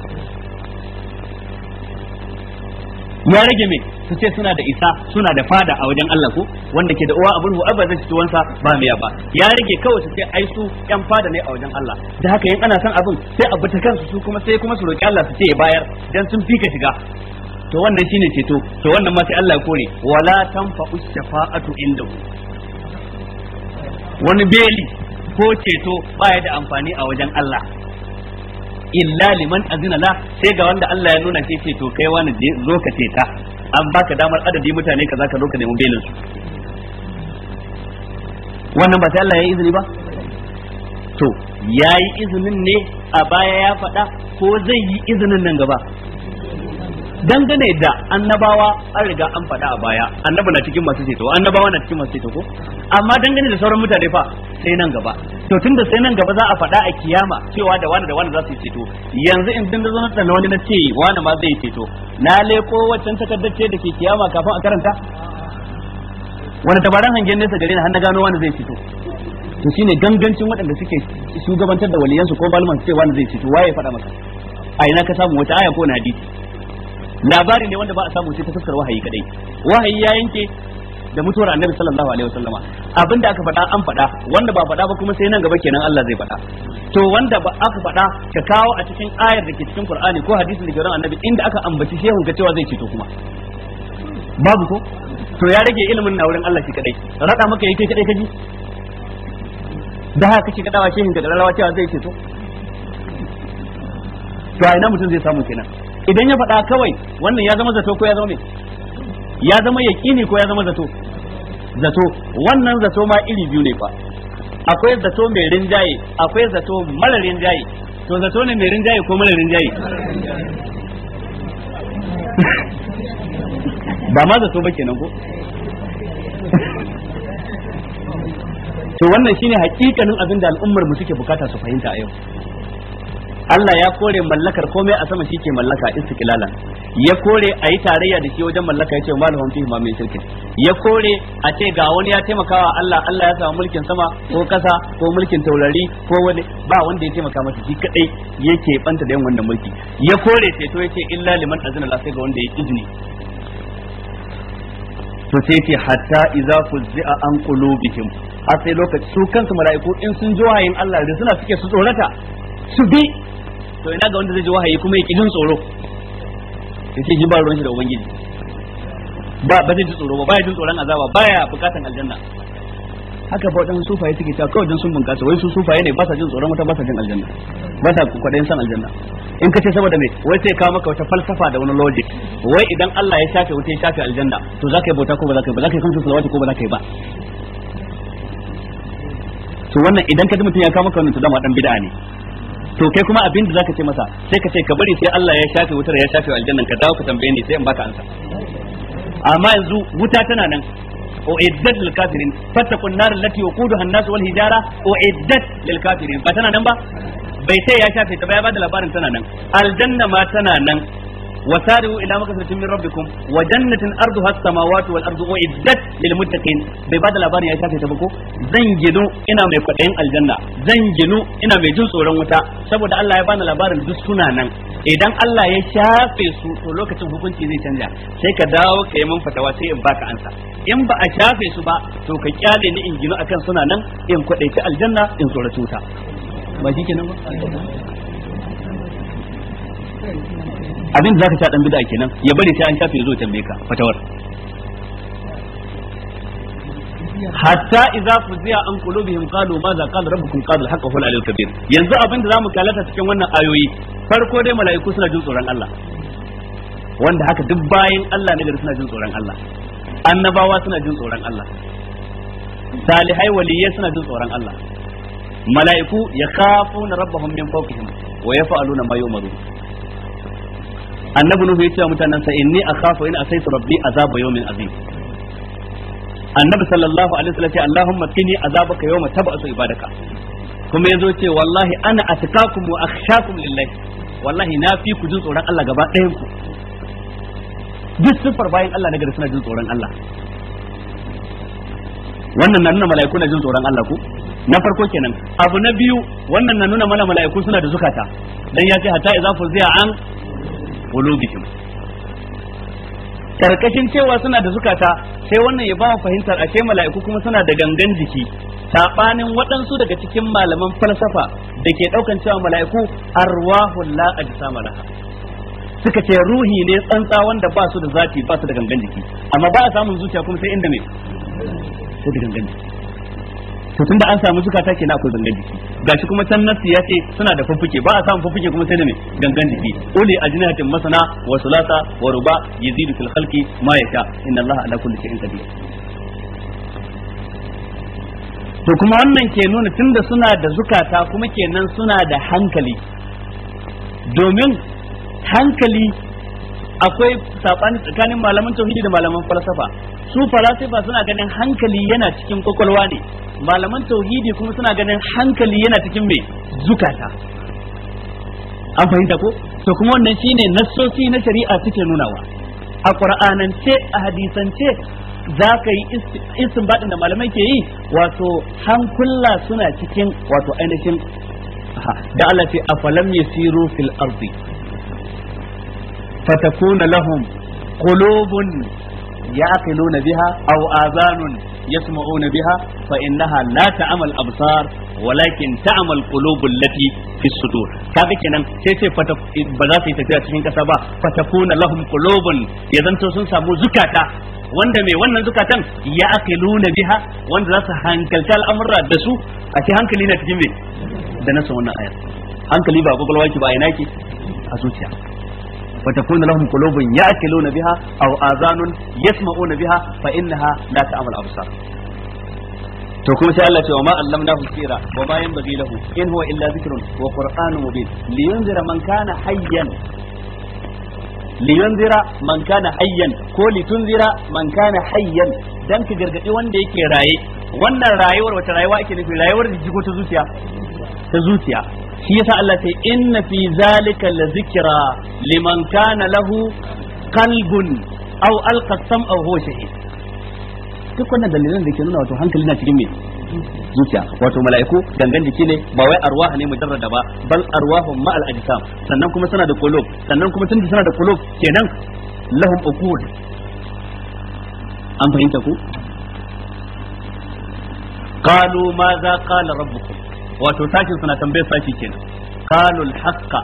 ya rage mai su ce suna da isa suna da fada a wajen Allah ko wanda ke da uwa abul hu'aba zai ci wansa ba mai ba ya rage kawai su ce ai su yan fada ne a wajen Allah da haka in ana san abin sai a ta kansu su kuma sai kuma su roki Allah su ce ya bayar dan sun fika shiga to wannan shine ceto to wannan ma sai Allah ya kore wala tanfa'u shafa'atu inda. wani beli ko ceto baya da amfani a wajen Allah illa liman azina la sai ga wanda Allah ya nuna shi ce to kai wani zo ka ce ta an baka damar adadi mutane kaza ka zo ka nemi belin su wannan ba sai Allah ya yi izini ba to ya yi izinin ne a baya ya faɗa ko zai yi izinin nan gaba dangane da annabawa an riga an faɗa a baya annaba na cikin masu ceto annabawa na cikin masu ceto ko amma dangane da sauran mutane fa sai nan gaba to tunda sai nan gaba za a faɗa a kiyama cewa da wani da wani za su yi ceto yanzu in dinga zo na wani na ce wani ma zai ceto na leko waccan takardar ce da ke kiyama kafin a karanta wani tabaran hangen nesa gare ni har na gano wani zai ceto to shine gangancin waɗanda suke shugabantar da waliyansu ko su ce wani zai ceto waye faɗa maka a ina ka samu wata aya ko na hadisi labari ne wanda ba a samu sai ta fuskar wahayi kadai wahayi ya yanke da mutuwar annabi sallallahu alaihi wasallama abinda aka faɗa an faɗa wanda ba faɗa ba kuma sai nan gaba kenan Allah zai faɗa to wanda ba aka faɗa ka kawo a cikin ayar da ke cikin Qur'ani ko hadisin da ke ran annabi inda aka ambaci shehu ga cewa zai ceto kuma babu ko to ya rage ilimin na wurin Allah shi kadai rada maka yake kadai kaji da haka kake kadawa shehin ka da rawa cewa zai ceto to ai na mutum zai samu kenan idan ya faɗa kawai wannan ya zama zato ko ya zama me ya zama ne ko ya zama zato zato wannan zato ma iri biyu ne fa akwai zato mai rinjaye akwai zato mara rinjaye to zato ne mai rinjaye ko mara rinjaye ba ma zato ba kenan ko to wannan shine hakikanin abin da al'ummar mu suke bukata su fahimta a yau Allah ya kore mallakar komai a sama ke mallaka kilala ya kore a yi tarayya da shi wajen mallaka ya ce malahum fihi ma min shirkin ya kore a ce ga wani ya taimakawa Allah Allah ya samu mulkin sama ko kasa ko mulkin taurari ko wani ba wanda ya taimaka masa shi kadai yake banta da yin wannan mulki ya kore ceto ya ce illa liman azina la sai ga wanda ya izini to sai ce hatta idza fuzzi'a an qulubihim har sai lokaci su kansu mala'iku in sun ji wayin Allah da suna suke su tsorata su bi to ina ga wanda zai ji wahayi kuma ya ki jin tsoro in ce shi ba ruwan shi da ubangiji ba ba zai ji tsoro ba ya jin tsoron azaba baya bukatan aljanna haka ba wadannan sufaye suke cewa kawai dan sun bunkasa wai su sufaye ne ba sa jin tsoron wata ba sa jin aljanna ba sa kwaɗayin san aljanna in ka ce saboda me wai sai kawo maka wata falsafa da wani logic wai idan Allah ya shafe wuta ya shafe aljanna to za ka yi bauta ko ba za ka yi ba za ka yi kamsu salawati ko ba za ka yi ba to wannan idan ka ji mutum ya kawo maka wannan to dama dan bid'a ne to kai kuma abin da zaka ce masa sai ka ce ka bari sai Allah ya shafe wutar ya shafe aljannan ka dawo ka tambaye ni sai in baka ansa amma yanzu wuta tana nan o iddat lil kafirin fattaqun nar allati kudu an-nas wal hijara o iddat lil kafirin ba tana nan ba bai sai ya shafe ta ba ya bada labarin tana nan aljanna ma tana nan وسارعوا الى مغفرة من ربكم وجنة ارضها السماوات والارض اعدت للمتقين bai ba da labarin ya shafe ta bako zan ginu ina mai kwaɗayin aljanna zan ginu ina mai jin tsoron wuta saboda Allah ya bani labarin duk suna nan idan Allah ya shafe su lokacin hukunci zai canza sai ka dawo ka yi mun fatawa sai in baka ansa in ba a shafe su ba to ka kyale ni in ginu akan suna nan in kwaɗaici aljanna in tsoraci wuta ba shi kenan ba abin da zaka sha dan bid'a kenan ya bari sai an shafe zo tambaye ka fatawar hatta idza fuziya an qulubihim qalu ma za qala rabbukum qala al haqq wa al kabir yanzu abin da zamu kalata cikin wannan ayoyi farko dai mala'iku suna jin tsoron Allah wanda haka duk bayan Allah ne da suna jin tsoron Allah annabawa suna jin tsoron Allah salihai waliyai suna jin tsoron Allah mala'iku yakhafuna rabbahum min fawqihim wa yaf'aluna ma yu'marun annabi nuhu ya ce mutanen sa inni akhafu in asaytu rabbi azaba yawmin azim annabi sallallahu alaihi wasallam ce allahumma qini azabaka yawma tab'asu ibadaka kuma yazo ce wallahi ana atqakum wa akhshakum lillahi wallahi na fi ku jin tsoron Allah gaba ɗayan ku duk sifar bayan Allah na gari suna jin tsoron Allah wannan na nuna mala'iku na jin tsoron Allah ku na farko kenan abu na biyu wannan na nuna mana mala'iku suna da zukata dan ya ce hatta idza fuziya an qulubihim karkashin cewa suna da zukata sai wannan ya ba mu fahimtar ashe mala'iku kuma suna da gangan jiki sabanin waɗansu daga cikin malaman falsafa da ke ɗaukan cewa mala'iku arwahul la ajsama laha suka ce ruhi ne tsantsa wanda ba su da zati ba su da gangan jiki amma ba a samun zuciya kuma sai inda mai sai da gangan jiki to tunda an samu zukata kenan akwai gangan jiki gashi kuma can nasu ya ce suna da fuffuke ba a samu fuffuke kuma sai da me gangan jiki uli ajnatin masana wa sulasa wa ruba yazidu fil khalqi ma yasha inna allaha ala kulli shay'in qadir to kuma wannan ke nuna tunda suna da zukata kuma kenan suna da hankali domin hankali akwai sabani tsakanin malaman tauhidi da malaman falsafa su falsafa suna ganin hankali yana cikin kwakwalwa ne malaman tauhidi kuma suna ganin hankali yana cikin mai zukata an fahimta ko to kuma wannan shine nassosi na shari'a suke nunawa a qur'anance a hadisance za ka yi badin da malamai ke yi wato hankula suna cikin wato ainihin da Allah ce afalam yasiru fil ardi fatakuna lahum qulubun ya'qiluna biha aw azanun yasma'una biha fa innaha la ta'mal walakin ta'mal qulubul lati fi sudur kaga kenan sai sai fata ba za su yi tafiya cikin kasa ba fatakuna lahum qulubun ya zanto sun samu zukata wanda mai wannan zukatan ya'qiluna biha wanda za su hankalta al'amura dasu su a ce hankali na cikin me da wannan ayar hankali ba ba a zuciya وتكون لهم قلوب يأكلون بها أو آذان يسمعون بها فإنها لا تعمل الأبصار to kuma sai Allah ce wa ma allamnahu sira wa ma yanbaghi lahu in huwa illa dhikrun wa qur'anun mubin liyunzira man kana hayyan liyanzira man kana hayyan ko litunzira man kana hayyan dan ka gargadi wanda yake raye wannan rayuwar wata rayuwa ake nufi rayuwar jiki ta zuciya ta zuciya shi yasa Allah ta inna fi zalika la zikra liman kana lahu qalbun aw alqa sam'a huwa shahid duk wannan dalilan da ke nuna wato hankali na cikin me zuciya wato mala'iku dangan jiki ne ba wai arwah ne mujarrada ba bal arwahum ma al ajsam sannan kuma suna da qulub sannan kuma tunda suna da qulub kenan lahum uqud an fahimta ku qalu ma za qala rabbukum wato sashin suna tambayar sashi kenan qalu alhaqqa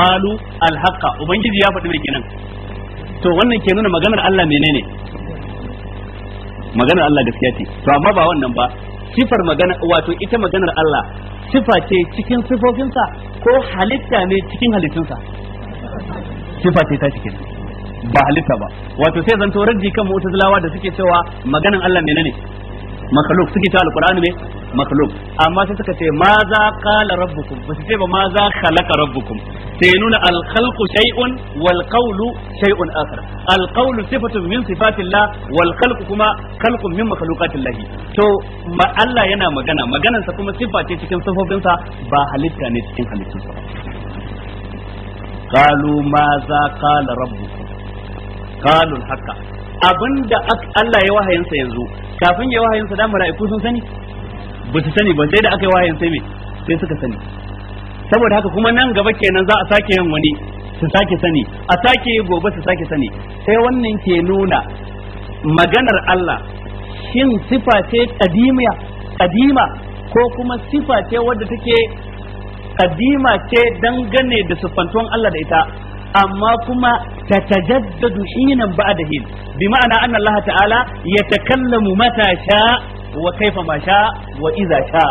qalu alhaqqa ubangiji ya faɗi kenan to wannan ke nuna maganar Allah menene maganar Allah gaskiya ce to amma ba wannan ba sifar magana wato ita maganar Allah sifa ce cikin sifofinsa ko halitta ne cikin halittunsa sifa ce ta cikin ba halitta ba wato sai zanto raddi kan mu'tazilawa da suke cewa maganar Allah menene makhluk suke ta alqur'ani ne makhluk amma sai suka ce ma za qala rabbukum ba su ce ba ma za khalaqa rabbukum sai nuna al khalqu shay'un wal qawlu shay'un akhar al qawlu sifatun min sifatillah wal khalqu kuma khalqun min makhluqatillah to ma Allah yana magana maganarsa kuma sifa ce cikin sifofinsa ba halitta ne cikin halittunsa قالوا ماذا قال ربكم قالوا الحق abinda Allah ya wahayin yanzu kafin ya wahayin sadama da mala'iku sun sani ba su sani ba sai da aka yi wahayin sai me sai suka sani saboda haka kuma nan gaba kenan za a sake yin wani su sake sani a sake gobe su sake sani sai wannan ke nuna maganar Allah shin sifa ce kadimiya kadima ko kuma sifa ce wadda take kadima ce dangane da siffantuwan Allah da ita amma kuma tatajaddadu hinan ba'da hin bi ma'ana anna Allah ta'ala yatakallamu mata sha wa kaifa ma sha wa iza sha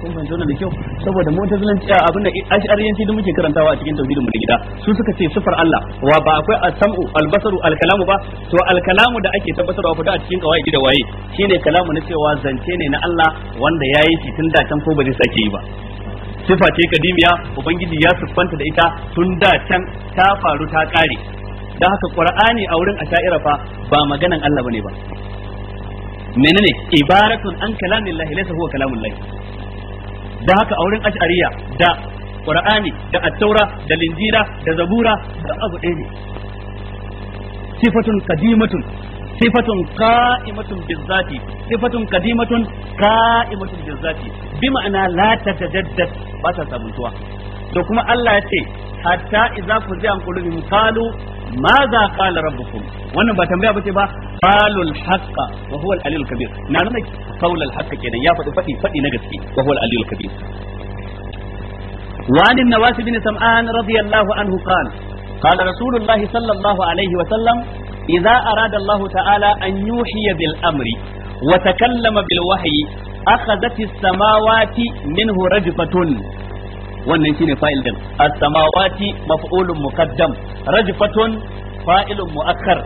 kun fahimta da kyau saboda mu'tazilanci abinda ash'ariyanci da muke karantawa a cikin tauhidin mu da gida su suka ce sufar Allah wa ba akwai as-sam'u al-basaru al-kalamu ba to al-kalamu da ake tabbatarwa fita a cikin kawai da waye shine kalamu na cewa zance ne na Allah wanda yayi shi tun da can ko ba zai sake yi ba sifa ce kadimiya ubangiji ya siffanta da ita tun da can ta faru ta kare da haka qur'ani a wurin asha'ira fa ba maganan Allah bane ba menene ibaratun an kalamillahi laysa huwa kalamullahi da haka a wurin ash'ariya da qur'ani da at-taura da linjira, da zabura da abu ɗaya ne sifatun kadimatun sifatun qa'imatun bizzati sifatun qadimatun qa'imatun bizzati bi ma'ana la tatajaddad ba ta sabuntuwa da kuma Allah ya ce hatta idza fuzi'a qulubihim qalu ماذا قال ربكم wannan ba tambaya bace ba qalul haqqa wa huwa al-alil kabir na nuna qaulul haqqa kenan ya faɗi faɗi faɗi na gaske wa huwa al-alil kabir وعن النواس بن سمعان رضي الله عنه قال قال رسول الله صلى الله عليه وسلم Iza arada Allah ta'ala an yuhiya bil amri wa takallama bil wahyi akhadhati samawati minhu rajfatun wannan shine fa'il din as-samawati maf'ulun muqaddam rajifaton fa'ilun mu'akkar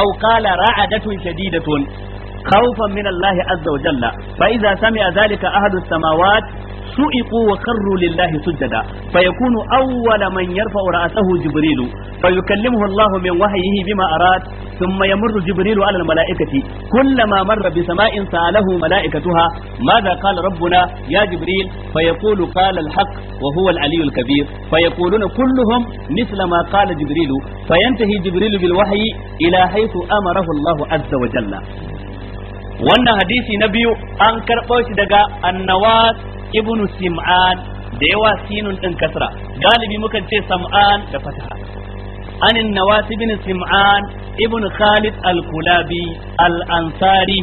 aw qala ra'adatun shadidatun خوفا من الله عز وجل فإذا سمع ذلك sama السماوات Su wa kharru lillahi sujada fa yakunu awwala man yarfa'u ra'sahu jibrilu fa yukallimuhu Allah min wahyihi bima arad thumma yamurru jibrilu ala al-mala'ikati kullama marra bi sama'in sa'alahu mala'ikatuha madha qala rabbuna ya jibril fa yaqulu qala al-haq wa huwa al-aliyyu al-kabir fa yaquluna kulluhum mithla ma qala jibrilu fayantahi jibrilu bil wahyi ila haythu amarahu Allah azza wa jalla wannan hadisi na biyu an karɓo shi daga annawas ibnu sim'an da yawa sinun din kasra galibi mukan ce sam'an da fataha Ibnu Sim'an, Ibnu Khalid al kulabi Al-Ansari.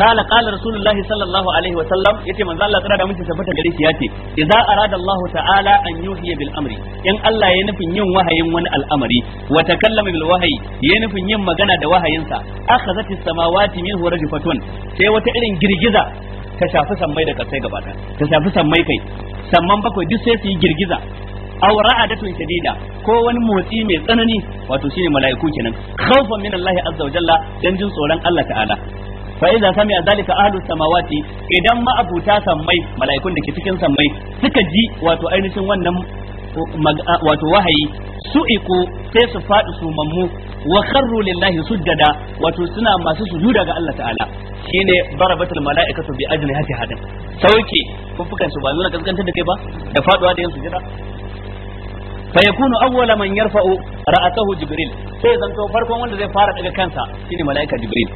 kala kala rasulullahi sallallahu alaihi wa sallam yace manzo Allah tsara da mutum tabbata gare shi yace idza arada Allah ta'ala an yuhiya bil'amri. amri in Allah ya nufin yin wahayin wani al'amari wata takallama bil wahayi ya nufin yin magana da wahayinsa akhazatis samawati minhu rajfatun sai wata irin girgiza ta shafi sammai da kasai gaba ta shafi sammai kai samman bakwai duk sai su yi girgiza aw ra'adatun shadida ko wani motsi mai tsanani wato shine mala'iku kenan khawfan min Allah azza wa jalla dan jin tsoron Allah ta'ala fa idza sami'a zalika ahlu samawati idan ma abuta sammai mala'ikun da ke cikin sammai suka ji wato ainihin wannan wato wahayi su'iku sai su fadi su mammu wa kharru lillahi sujjada wato suna masu sujuda ga Allah ta'ala shine barabatul mala'ikatu bi ajni hati hadan sauke fufukan su ba nuna kaskantar da kai ba da faduwa da yin sujjada fayakunu awwala man yarfa'u ra'atahu jibril sai zanto farkon wanda zai fara daga kansa shine mala'ika jibril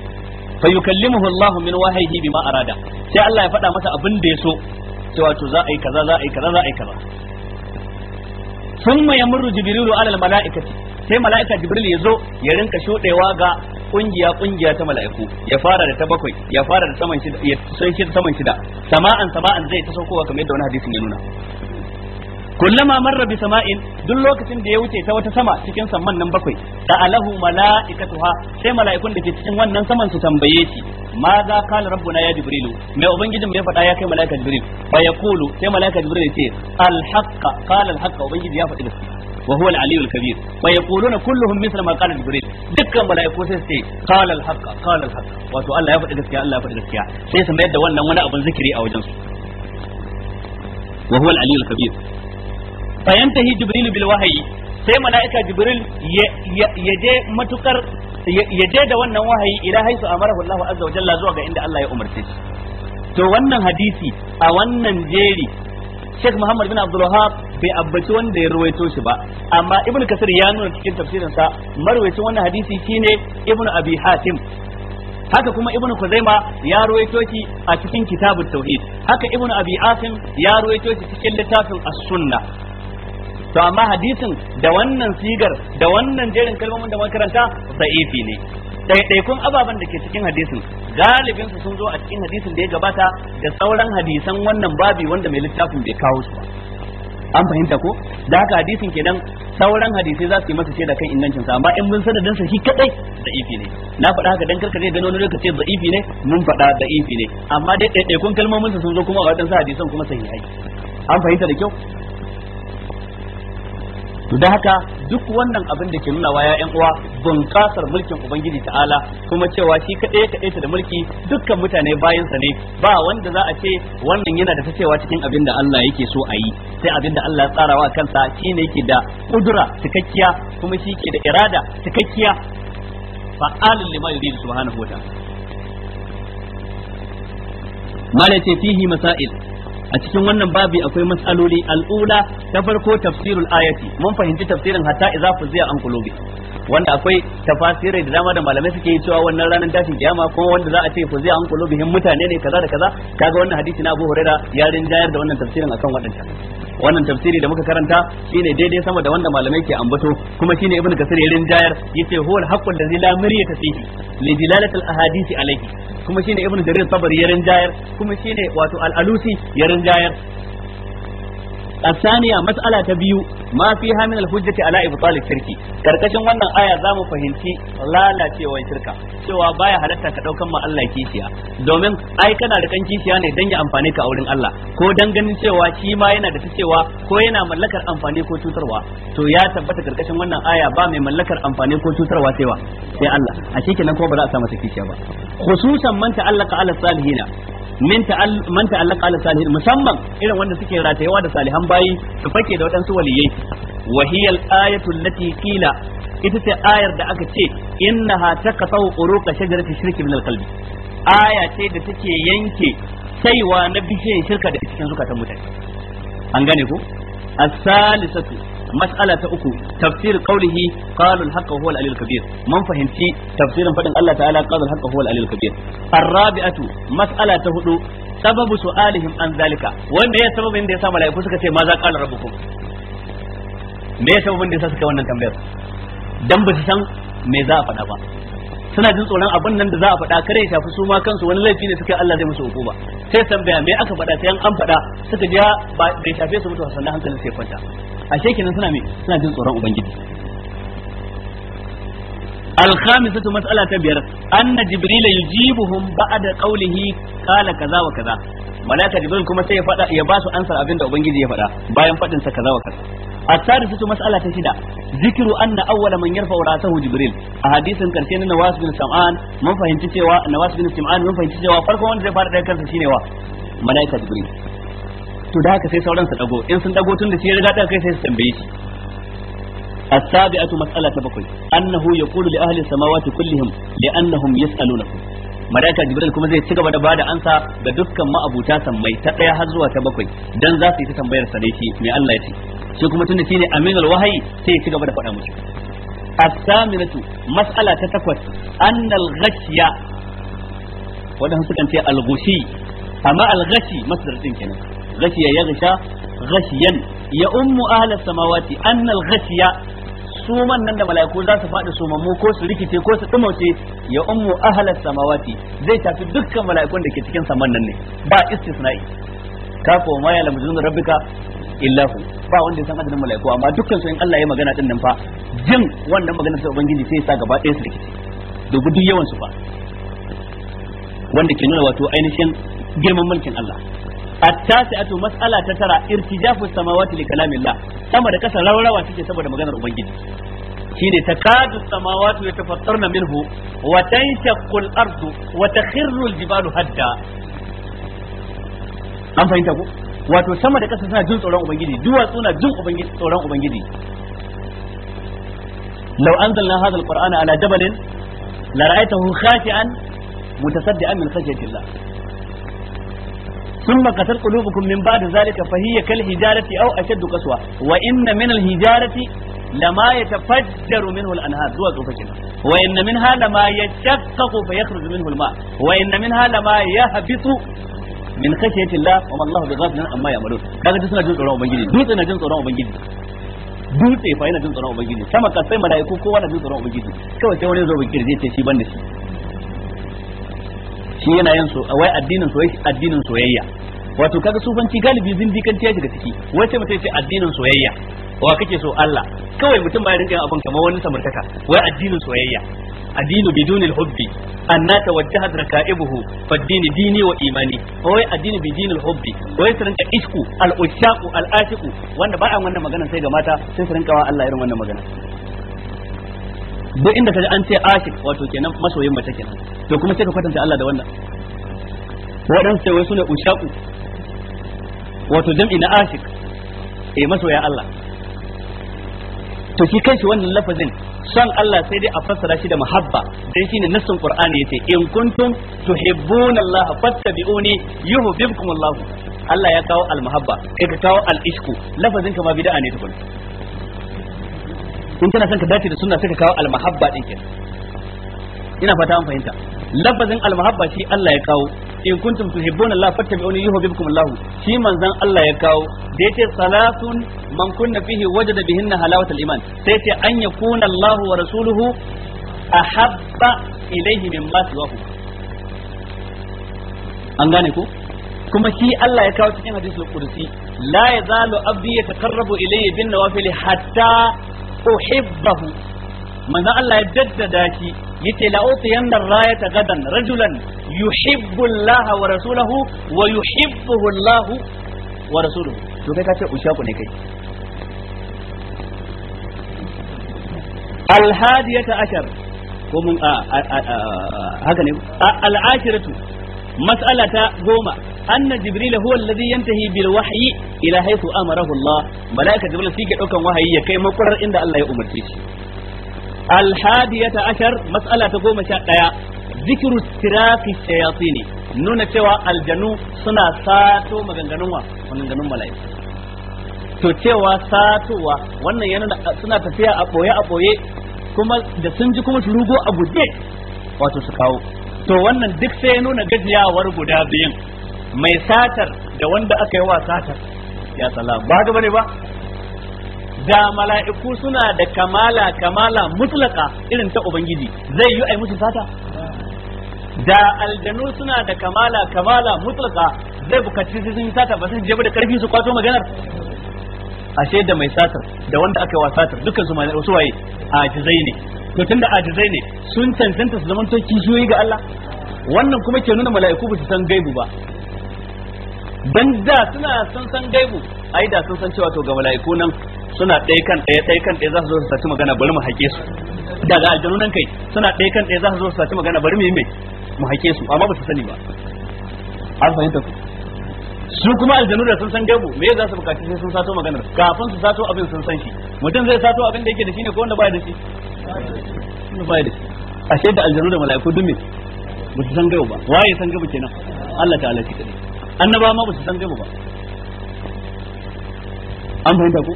fa yukallimuhu Allah min wahyihi bima arada sai Allah ya faɗa masa abin da ya so cewa za a yi kaza za a yi kaza za a yi kaza thumma yamurru jibrilu ala al mala'ikati sai mala'ika jibril ya zo ya rinka shodewa ga kungiya kungiya ta mala'iku ya fara da ta bakwai ya fara da saman shida ya sai shi saman shida sama'an sama'an zai ta saukowa kamar yadda wani hadisin ya nuna kullama marra bi sama'in duk lokacin da ya wuce ta wata sama cikin samman nan bakwai da alahu mala'ikatuha sai mala'ikun da ke cikin wannan saman su tambaye shi ma za kala rabbuna ya jibrilu mai ubangijin mai faɗa ya kai mala'ika jibril fa yaqulu sai mala'ika jibril ya ce al haqqa qala al haqqa ubangiji ya faɗi gaskiya wa huwa al aliyyu al kabir fa yaquluna kulluhum mithla ma qala jibril dukkan mala'iku sai su ce qala al haqqa qala al haqqa wato Allah ya faɗi gaskiya Allah ya faɗi gaskiya sai su mayar da wannan wani abun zikiri a wajen su wa huwa al aliyyu al kabir fayantahi jibril bil wahayi sai mala'ika jibril ya je matukar ya je da wannan wahayi ila haisu amarahu Allah azza wa jalla zuwa ga inda Allah ya umarce shi to wannan hadisi a wannan jeri Sheikh Muhammad bin Abdul Wahab bai abbaci wanda ya ruwaito shi ba amma Ibn Kasir ya nuna cikin tafsirin sa marwayacin wannan hadisi shine Ibn Abi Hatim haka kuma Ibn Kuzaima ya ruwaito shi a cikin Kitabut Tauhid haka Ibn Abi Asim ya ruwaito shi cikin littafin As-Sunnah to amma hadisin da wannan sigar da wannan jerin kalmomin da makaranta da'ifi ne ɗaiɗaikun ababen da ke cikin hadisin galibin su sun zo a cikin hadisin da ya gabata da sauran hadisan wannan babi wanda mai littafin bai kawo su an fahimta ko da haka hadisin kenan sauran hadisai za su yi masa shaida kan ingancin sa amma in mun sanadin da shi kadai da'ifi ne na faɗa haka dan karkare gano ne da ifi ne mun faɗa da'ifi ne amma dai ɗaiɗaikun kalmomin su sun zo kuma a waɗansu hadisan kuma sahihai an fahimta da kyau to da haka duk wannan abin da ke nuna wa ya'yan uwa bunƙasar mulkin ubangiji ta'ala kuma cewa shi kaɗai ya kaɗai da mulki dukkan mutane bayansa ne ba wanda za a ce wannan yana da tacewa cikin abin da Allah yake so a yi sai abin da Allah ya tsara wa kansa shi ne yake da kudura cikakkiya kuma shi ke da irada cikakkiya fa'alin lima yuri subhanahu wa ta'ala mala fihi masail a cikin wannan babi akwai matsaloli al'ula ta farko tafsirul ayati mun fahimci tafsirin hatta idza fuziya an qulubi wanda akwai tafasirai da dama da malamai suke yi cewa wannan ranar tashin kiyama kuma wanda za a ce fuziya an qulubihim mutane ne kaza da kaza kaga wannan hadisi na Abu Huraira ya rinjayar da wannan tafsirin akan wadanta wannan tafsiri da muka karanta shine daidai sama da wanda malamai ke ambato kuma shine Ibn Kasir ya rinjayar yace huwal haqqul ladzi la miryata fihi li dilalatil ahadisi alayhi kuma shine Ibn Jarir sabari ya rinjayar kuma shine wato al-Alusi ya rinjayar الثانية ta biyu ما فيها من Ala على إبطال shirki karkashin wannan aya zamu fahimci lalacewar shirka cewa baya halatta ka daukan ma Allah kishiya domin ai kana da kan kishiya ne dan ya amfane ka a wurin Allah ko dan ganin cewa shi ma yana da cewa ko yana mallakar amfani ko cutarwa to ya tabbata karkashin wannan aya ba mai mallakar amfani ko cutarwa cewa, sai Allah a cikin nan ko ba za a sa kishiya ba khususan man ta'allaka ala salihina min ta'al man ta'allaqa ala salihin musamman irin wanda suke ratayewa da salihan bayi su fake da waɗansu waliyai wa hiya al-ayatu allati qila ita ce ayar da aka ce innaha taqta'u uruqa shajarati shirki min al-qalbi aya ce da take yanke saiwa na bishiyar shirka da cikin zukatan mutane an gane ko as-salisatu mas'ala ta uku tafsir qawlihi qala al-haqqa huwa al-alil mun fahimci tafsirin faɗin Allah ta'ala qala al-haqqa huwa al-alil kabir ar-rabi'atu ta hudu sababu su'alihim an zalika wanda ya sababin da yasa mala'iku suka ce ma za qala rabbukum me sababin da wannan dan ba san me za a faɗa ba suna jin tsoron abin nan da za a faɗa kare ya shafi su ma kansu wani laifi ne suka Allah zai musu hukuma sai tambaya me aka faɗa sai an faɗa suka ji ba bai shafe su mutu sannan hankalin sai kwanta A shekinan suna me suna jin tsoron ubangiji الخامسة مسألة تبير أن جبريل يجيبهم بعد قوله قال كذا وكذا ملائكة جبريل كما سيفدا يباسو أنصر abin da ubangiji ya faɗa bayan faɗin sa kaza wa kaza الثالثة مسألة شدة ذكر أن أول من يرفع رأسه جبريل أحاديث كرسين نواس بن سمعان من فهمت سوى نواس بن سمعان من فهمت سوى فرقه وان زي فارد كرسة ملائكة جبريل to da haka sai sauran su dago in sun dago tun da shi ya riga da kai sai su tambaye shi السابعة مسألة بقي أنه يقول لأهل السماوات كلهم لأنهم يسألونه malaika jibril kuma zai ci gaba da bada ansa ga dukkan ma'abuta sammai ta daya har zuwa ta bakwai dan za su yi ta tambayar sa ne shi mai Allah ya ce shi kuma tunda shine aminul wahayi sai ya ci gaba da faɗa musu as-saminatu mas'ala ta takwas annal ghashiya wadan kan ce al-ghushi amma al-ghashi masdar din kenan ghashiya ya ghasha ghashiyan ya ummu ahlas samawati annal ghashiya suman nan da mala'iku za su faɗi sumammu ko su rikice ko su dumauce ya ummu ahlas samawati zai tafi dukkan mala'ikun da ke cikin saman nan ne ba istisna'i ka ko ma ya lamzun rabbika illahu ba wanda ya san adadin mala'iku amma dukkan su in Allah ya magana din nan fa jin wannan maganar sa ubangiji sai ya sa gaba ɗaya su rikici dubu duk yawan su fa wanda ke nuna wato ainihin girman mulkin Allah التاسعة مسألة ترى ارتجاف السماوات لكلام الله sama da kasa raurawa suke saboda maganar ubangiji shine takadu samawati yatafattarna minhu wa tanshaqqu al-ardu wa takhirru al-jibalu hadda an fahimta ko wato sama da ƙasa suna jin tsoron ubangiji duwatsu na jin ubangiji tsoron ubangiji law anzalna hadha alqur'ana ala jabalin la ra'aytahu khashi'an mutasaddian min khashyati ثم قتل قلوبكم من بعد ذلك فهي كالحجارة أو أشد قسوة وإن من الحجارة لما يتفجر منه الأنهار دوا وإن منها لما يشقق فيخرج منه الماء وإن منها لما يهبط min ya Allah wa Allah bi ghafilin amma ya'malun kaga duk suna jin tsoron ubangiji dutse na jin tsoron ubangiji dutse fa yana jin tsoron ubangiji sama ka sai malaiku kowa na jin tsoron ubangiji kawai sai wani zo bikir zai ce shi ban da shi shi yana yin so wai addinin soyayya addinin soyayya wato kaga sufanci galibi zindikan ya daga ciki wai sai mutai ce addinin soyayya wa kake so Allah kawai mutum ba ya rinka yin abin kamar wani samartaka wai addinin soyayya addinu bidunil hubbi anna tawajjahat raka'ibuhu fad-din dini wa imani wai addinu bidinil hubbi wai su rinka isku al-ushaqu al-ashiqu wanda ba an wannan magana sai ga mata sai su rinka wa Allah irin wannan magana duk inda kaji an ce ashik wato kenan masoyin mace kenan to kuma kai ka kwatanta Allah da wannan waɗansu sai sune wato ashik Allah to shi wannan lafazin son Allah sai dai a fassara shi da mahabba dan shine nassin Qur'ani yace in kuntum tuhibbuna Allah fattabi'uni yuhibbukum Allah Allah ya kawo al-mahabba kai ka kawo al-ishku lafazin ka ma bid'a ne tukun in kana son ka dace da sunna sai ka kawo al muhabba din ke ina fata an fahimta lafazin al muhabba shi Allah ya kawo in kuntum tuhibbuna Allah fattabi'uni yuhibbukum Allah shi manzon Allah ya kawo da yace salatun man kunna fihi wajada bihinna halawatul iman sai ce an yakuna Allah wa rasuluhu ahabba ilayhi mimma siwahu an gane ku. kuma shi Allah ya kawo cikin hadisul qudsi la yazalu abdi yataqarrabu ilayya bin nawafil hatta uhibbahu manzon Allah ya daddada shi yace la utiyanna rayata gadan rajulan yuhibbu Allah wa rasulahu wa yuhibbuhu Allah wa rasuluhu to kai ka ce ushaku ne kai alhadiyata ashar mas'alata goma anna jibril huwa alladhi yantahi bil wahyi ila haythu amarahu Allah malaika jibril sike daukan wahayi ya kai makwarar inda Allah ya umarce shi alhadiyata ashar mas'ala ta goma sha ɗaya zikiru tirafi shayatini nuna cewa aljanu suna sato maganganun wa to cewa satowa wannan yana suna tafiya a ɓoye a ɓoye kuma da sun ji kuma su rugo a guje wato su kawo to wannan duk sai ya nuna gajiyawar guda biyun mai satar da wanda aka yi wa satar ya salam ba gaba ne ba da mala'iku suna da kamala kamala mutlaka irin ta ubangiji zai yi ai musu fata da aljanu suna da kamala kamala mutlaka zai bukaci su sun sata ba su je da karfi su kwato maganar ashe da mai satar da wanda aka wa satar dukkan su mai wasu waye ajizai ne to tunda ajizai ne sun cancanta su zaman to kishiyoyi ga Allah wannan kuma ke nuna mala'iku ba su san gaibu ba dan da suna sun san gaibu ai da sun san cewa to ga mala'iku nan suna ɗaya kan ɗaya ɗaya kan ɗaya za su zo su saci magana bari mu haƙe su daga aljanu nan kai suna ɗaya kan ɗaya za su zo su saci magana bari mu yi mai mu haƙe su amma ba su sani ba an fahimta ku su kuma aljanu da sun san gaibu me za su bukaci sai sun sato maganar kafin su sato abin sun san shi mutum zai sato abin da yake da shi ne ko wanda baya da shi wanda baya da shi ashe da aljanu da mala'iku dume ba su san gaibu ba waye san gaibu kenan Allah ta'ala shi kadai annaba ma ba su san gaba ba an fahimta ko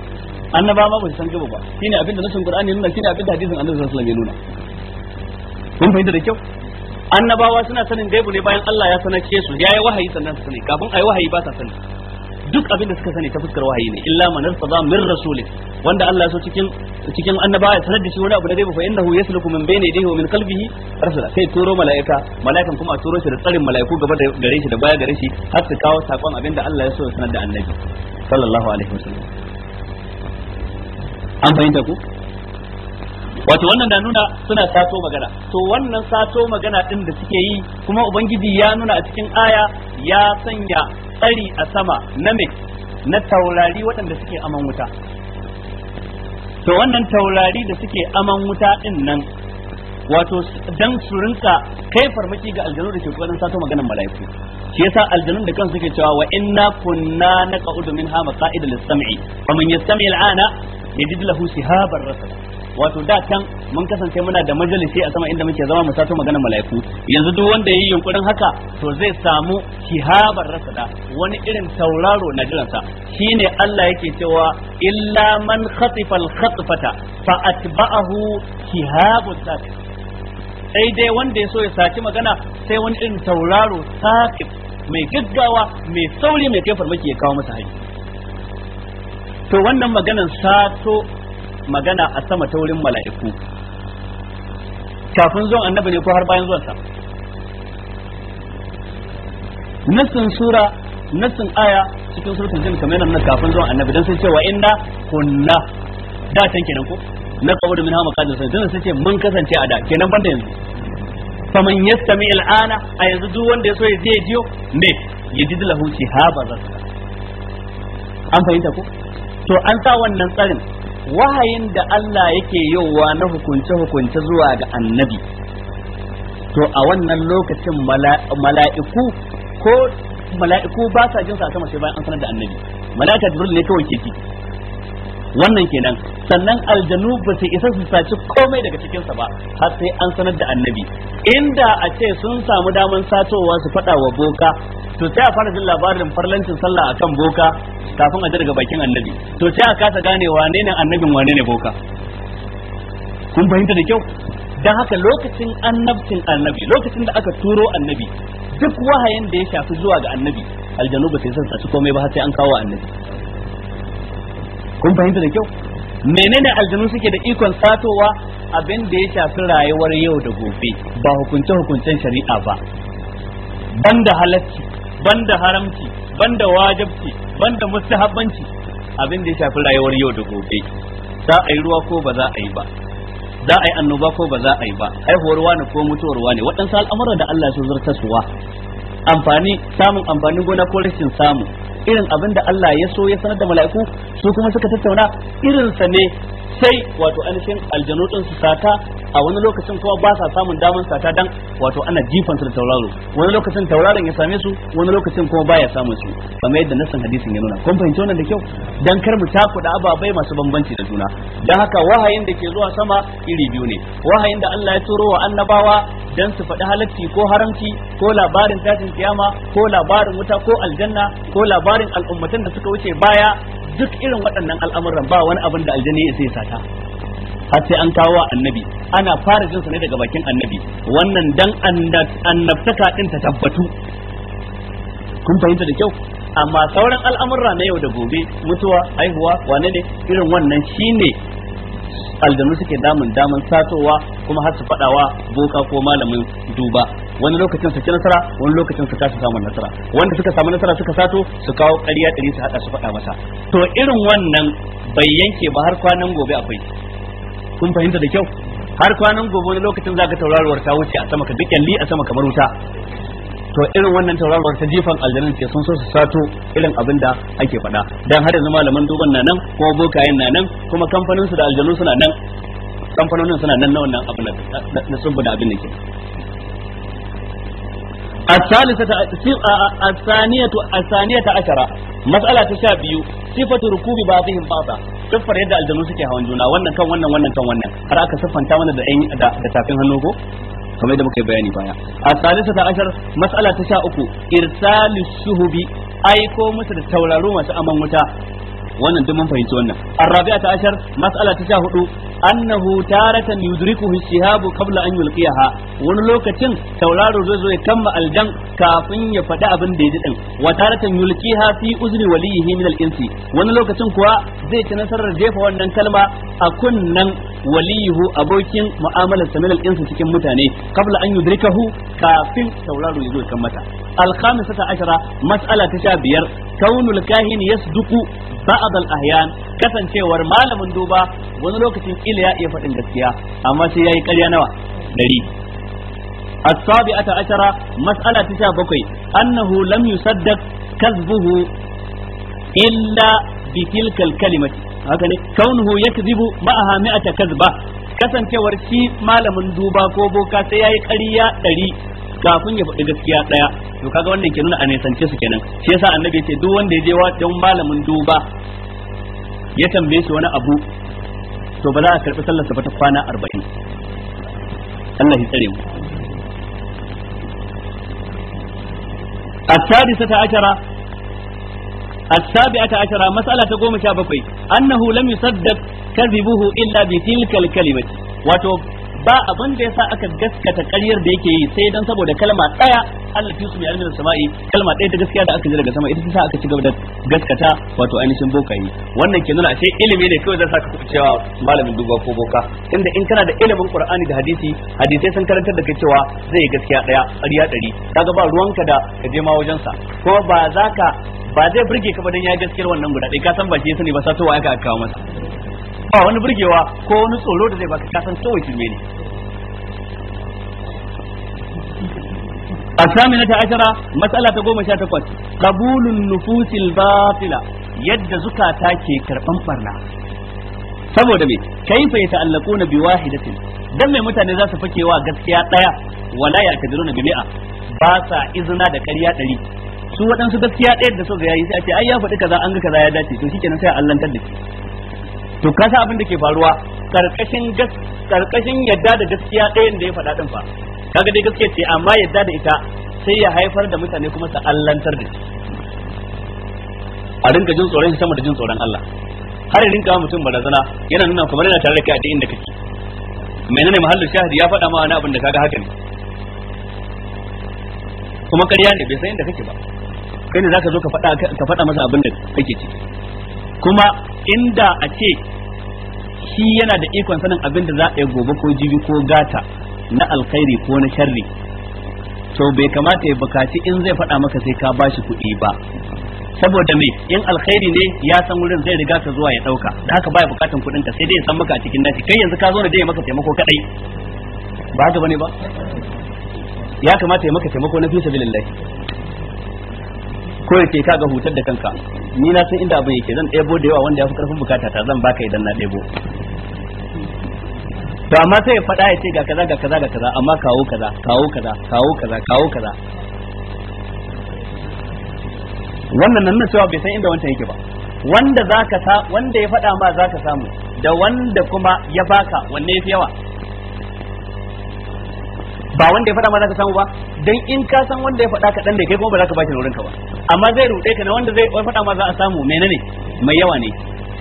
annaba ma ba su san gaba ba shine abin da nasin qur'ani nuna shine abin da hadisin annabi sallallahu alaihi wasallam ya nuna kun fahimta da kyau annabawa suna sanin gaibu ne bayan Allah ya sanar ke su yayi wahayi sannan su sani kafin ayi wahayi ba sa sani duk abin da suka sani ta fuskar wahayi ne illa man arsaza min rasulin wanda Allah ya so cikin cikin annaba ya sanar da shi wani abu da zai fa innahu yasluku min bayni yadayhi wa min qalbihi rasula sai turo malaika malaikan kuma a turo shi da tsarin malaiku gaba da gare shi da baya gare shi har su kawo sakon abin da Allah ya so ya sanar da annabi sallallahu alaihi wasallam an fahimta ku wato wannan na nuna suna sato magana to wannan sato magana din da suke yi kuma ubangiji ya nuna a cikin aya ya sanya tsari a sama na me na taurari waɗanda suke aman wuta to wannan taurari da suke aman wuta dinnan nan wato dan su rinka kai farmaki ga aljanu da ke kokarin sato maganar malaiku shi yasa aljanun da kansu suke cewa wa inna kunna naqa'udu minha maqa'ida lis-sam'i faman yastami al-ana yajid lahu sihabar rasul wato da can mun kasance muna da majalisi a sama inda muke zama mu sato magana mala'iku yanzu duk wanda yayi yunkurin haka to zai samu sihabar rasul wani irin tauraro na jiransa shine Allah yake cewa illa man khatifal khatfata fa atba'ahu sihabun saqif sai dai wanda ya so ya saci magana sai wani irin tauraro saqif mai gaggawa mai sauri mai kai farmaki ya kawo masa hanyar to wannan maganan sato magana a sama ta wurin mala'iku kafin zuwan annabi ne ko har bayan zuwansa nassin sura nassin aya cikin suratul jin kamar nan kafin zuwan annabi dan sai ce wa kunna da can kenan ko na kawo min hama qadin sun sai ce mun kasance a da kenan ban da yanzu faman yastami al'ana a yanzu duk wanda ya so ya je jiyo me yajid lahu shihaba zaka an fahimta ko to an sa wannan tsarin wahayin da Allah yake yowa na hukunce hukunce zuwa ga annabi to a wannan lokacin mala'iku ko mala'iku ba sa jin sa sama sai bayan an sanar da annabi mala'ika jibril ne kawai ke ciki wannan kenan sannan aljanu ba su isa su saci komai daga cikinsa ba har sai an sanar da annabi inda a ce sun samu daman satowa su faɗawa wa boka to sai a fara jin labarin farlancin sallah akan boka kafin a daga bakin annabi to sai a kasa gane wane ne annabin wane ne boka kun fahimta da kyau dan haka lokacin annabcin annabi lokacin da aka turo annabi duk wahayin da ya shafi zuwa ga annabi aljanu ba sai saci komai ba har sai an kawo annabi kun fahimta da kyau menene aljanu suke da ikon satowa abin da ya shafi rayuwar yau da gobe ba hukunce hukuncen shari'a ba banda halacci banda haramci banda wajibci banda mustahabanci, abin da ya shafi rayuwar yau da gobe za a yi ruwa ko ba za a yi ba za a yi annoba ko ba za a yi ba haihuwar ne ko mutuwar ne waɗansu al'amuran da Allah ya zartaswa amfani samun amfanin gona ko rashin samu irin abin da Allah ya so ya sanar da mala'iku su kuma suka tattauna irinsa ne sai wato ainihin aljanu din su sata a wani lokacin kuma ba sa samun daman sata dan wato ana jifan su da tauraro wani lokacin tauraron ya same su wani lokacin kuma baya samun su kamar yadda nassan hadisin ya nuna kun fahimci wannan da kyau dan kar mu takuda ababai masu bambanci da juna dan haka wahayin da ke zuwa sama iri biyu ne wahayin da Allah ya turo wa annabawa dan su faɗi halacci ko haramci ko labarin tashin kiyama ko labarin wuta ko aljanna ko labarin labarin al'ummatan da suka wuce baya duk irin waɗannan al'amuran ba wani abin da aljani ya sai sata har sai an kawo wa annabi ana fara jin sa ne daga bakin annabi wannan dan annabtaka din ta tabbatu kun fahimta da kyau amma sauran al'amurra na yau da gobe mutuwa haihuwa wane ne irin wannan shine aljanu suke damun damun satowa kuma har su fadawa boka ko malamin duba wani lokacin su ci nasara wani lokacin su tashi samun nasara wanda suka samu nasara suka sato su kawo ƙarya ɗari su haɗa su faɗa masa to irin wannan bai yanke ba har kwanan gobe akwai kun fahimta da kyau har kwanan gobe wani lokacin zaka tauraruwar ta wuce a sama ka dukkan li a sama kamar wuta to irin wannan tauraron ta jifan aljanun ce sun so su sato irin abin da ake faɗa dan har yanzu malaman duban na nan ko bokayen na nan kuma kamfanin su da aljanu suna nan kamfanonin suna nan na wannan abin na sun bada abin da ke الثالثة الثانية الثانية عشرة مسألة تشابه صفة ركوب بعضهم بعضا siffar yadda aljanu suke hawan juna wannan kan wannan wannan kan wannan har aka siffanta mana da da tafin hannu ko kamar yadda muka yi bayani baya as-salisa ta ashar mas'ala ta sha uku irsalu suhubi aiko musu da tauraro masu aman wuta wannan duk mun fahimci wannan arrabi'a ta ashar mas'ala ta hudu annahu taratan yudrikuhu shihabu qabla an yulqiyaha wani lokacin tauraro zai zo ya kamma aljan kafin ya faɗi abin da ya ji din wa taratan yulqiha fi uzni waliyihi min al-insi wani lokacin kuwa zai ci nasarar jefa wannan kalma a kunnan waliyihu abokin mu'amalar sa min al-insi cikin mutane qabla an yudrikahu kafin tauraro ya zo ya kammata al-khamisata ashara mas'ala ta sha biyar kaunul kahin yasduqu ba'a ba'd al kasancewar malamin duba wani lokacin kila ya iya faɗin gaskiya amma sai yayi ƙarya nawa dari السابعة عشرة مسألة تسعة بقي أنه لم يصدق كذبه إلا بتلك الكلمة haka ne kaunuhu yakzibu ma'aha mi'ata kazba kasancewar shi malamin duba ko boka sai yayi ƙarya ɗari kafin ya faɗi gaskiya ɗaya to kaga wannan ke nuna a nesance su kenan shi yasa annabi ya ce duk wanda ya je wajen malamin duba ya tambaye shi wani abu to ba za a karɓi sallar sa ta kwana arba'in Allah ya tsare mu السادسة عشرة السابعة عشرة مسألة تقوم شابكي أنه لم يصدق كذبه إلا بتلك الكلمة وتوب ba abin da yasa aka gaskata ƙaryar da yake yi sai dan saboda kalma ɗaya Allah fi su mai almin sama'i kalma ɗaya ta gaskiya da aka ji daga sama ita ta sa aka ci gaba da gaskata wato ainihin bokayi wannan ke nuna ashe ilimi ne kawai zai saka ku cewa malamin duba ko boka inda in kana da ilimin Qur'ani da hadisi hadisai sun karantar da kai cewa zai gaskiya ɗaya ƙarya ɗari kaga ba ruwanka da ka je ma sa kuma ba za ka ba zai burge ka ba dan ya gaskiyar wannan guda ɗaya ka san ba shi ya sani ba sa to aka kawo masa ba wani burgewa ko wani tsoro da zai baka kasan kawai shirme ne الثامنة عشرة مسألة تقوم شاتكوت قبول النفوس الباطلة Yadda زكاة ke كربان فرنا saboda me kaifa ya ta'allaku na biwahidatin dan mai mutane za su fake wa gaskiya ɗaya? wala ya kadiru na bimi'a ba sa izina da ƙarya ɗari su waɗansu gaskiya ɗaya da so ga yayi sai a ce ai ya faɗi kaza an ga kaza ya dace to shikenan sai a allantar da shi to kasa abin da ke faruwa karkashin karkashin yadda da gaskiya ɗayan da ya faɗa din fa kaga dai gaskiya ce amma yadda da ita sai ya haifar da mutane kuma su allantar da shi a rinka jin tsoron sama da jin tsoron Allah har rinka mutum barazana yana nuna kamar yana tare da kai a duk inda kake menene mahallin shahidi ya faɗa ma wani abin da kaga haka ne kuma ƙarya ne bai san inda kake ba kai ne zaka zo ka faɗa ka faɗa masa abin da kake ciki kuma inda a ce shi yana da ikon sanin abin da za a yi gobe ko jibi ko gata na alkhairi ko na sharri to bai kamata ya bukaci in zai faɗa maka sai ka bashi kuɗi ba saboda me in alkhairi ne ya san wurin zai riga ka zuwa ya dauka da haka ya bukatan kuɗin ka sai dai ya san maka a cikin nashi kai yanzu ka zo da dai maka taimako kadai ba haka bane ba ya kamata ya maka taimako na fi sabilillah ko ya ce ga hutar da kanka ni na san inda abin yake zan ɗebo da yawa wanda ya fi ƙarfin bukata ta zan baka idan na ɗebo to amma sai ya faɗa ya ce ga kaza ga kaza ga kaza amma kawo kaza kawo kaza kawo kaza kawo kaza wannan nan cewa bai san inda wancan yake ba wanda zaka sa wanda ya faɗa ma zaka samu da wanda kuma ya baka wanne yafi yawa ba wanda ya faɗa ma zaka samu ba dan in ka san wanda ya faɗa ka dan da kai kuma ba za ka bashi wurin ba amma zai rude ka na wanda zai faɗa ma za a samu menene mai yawa ne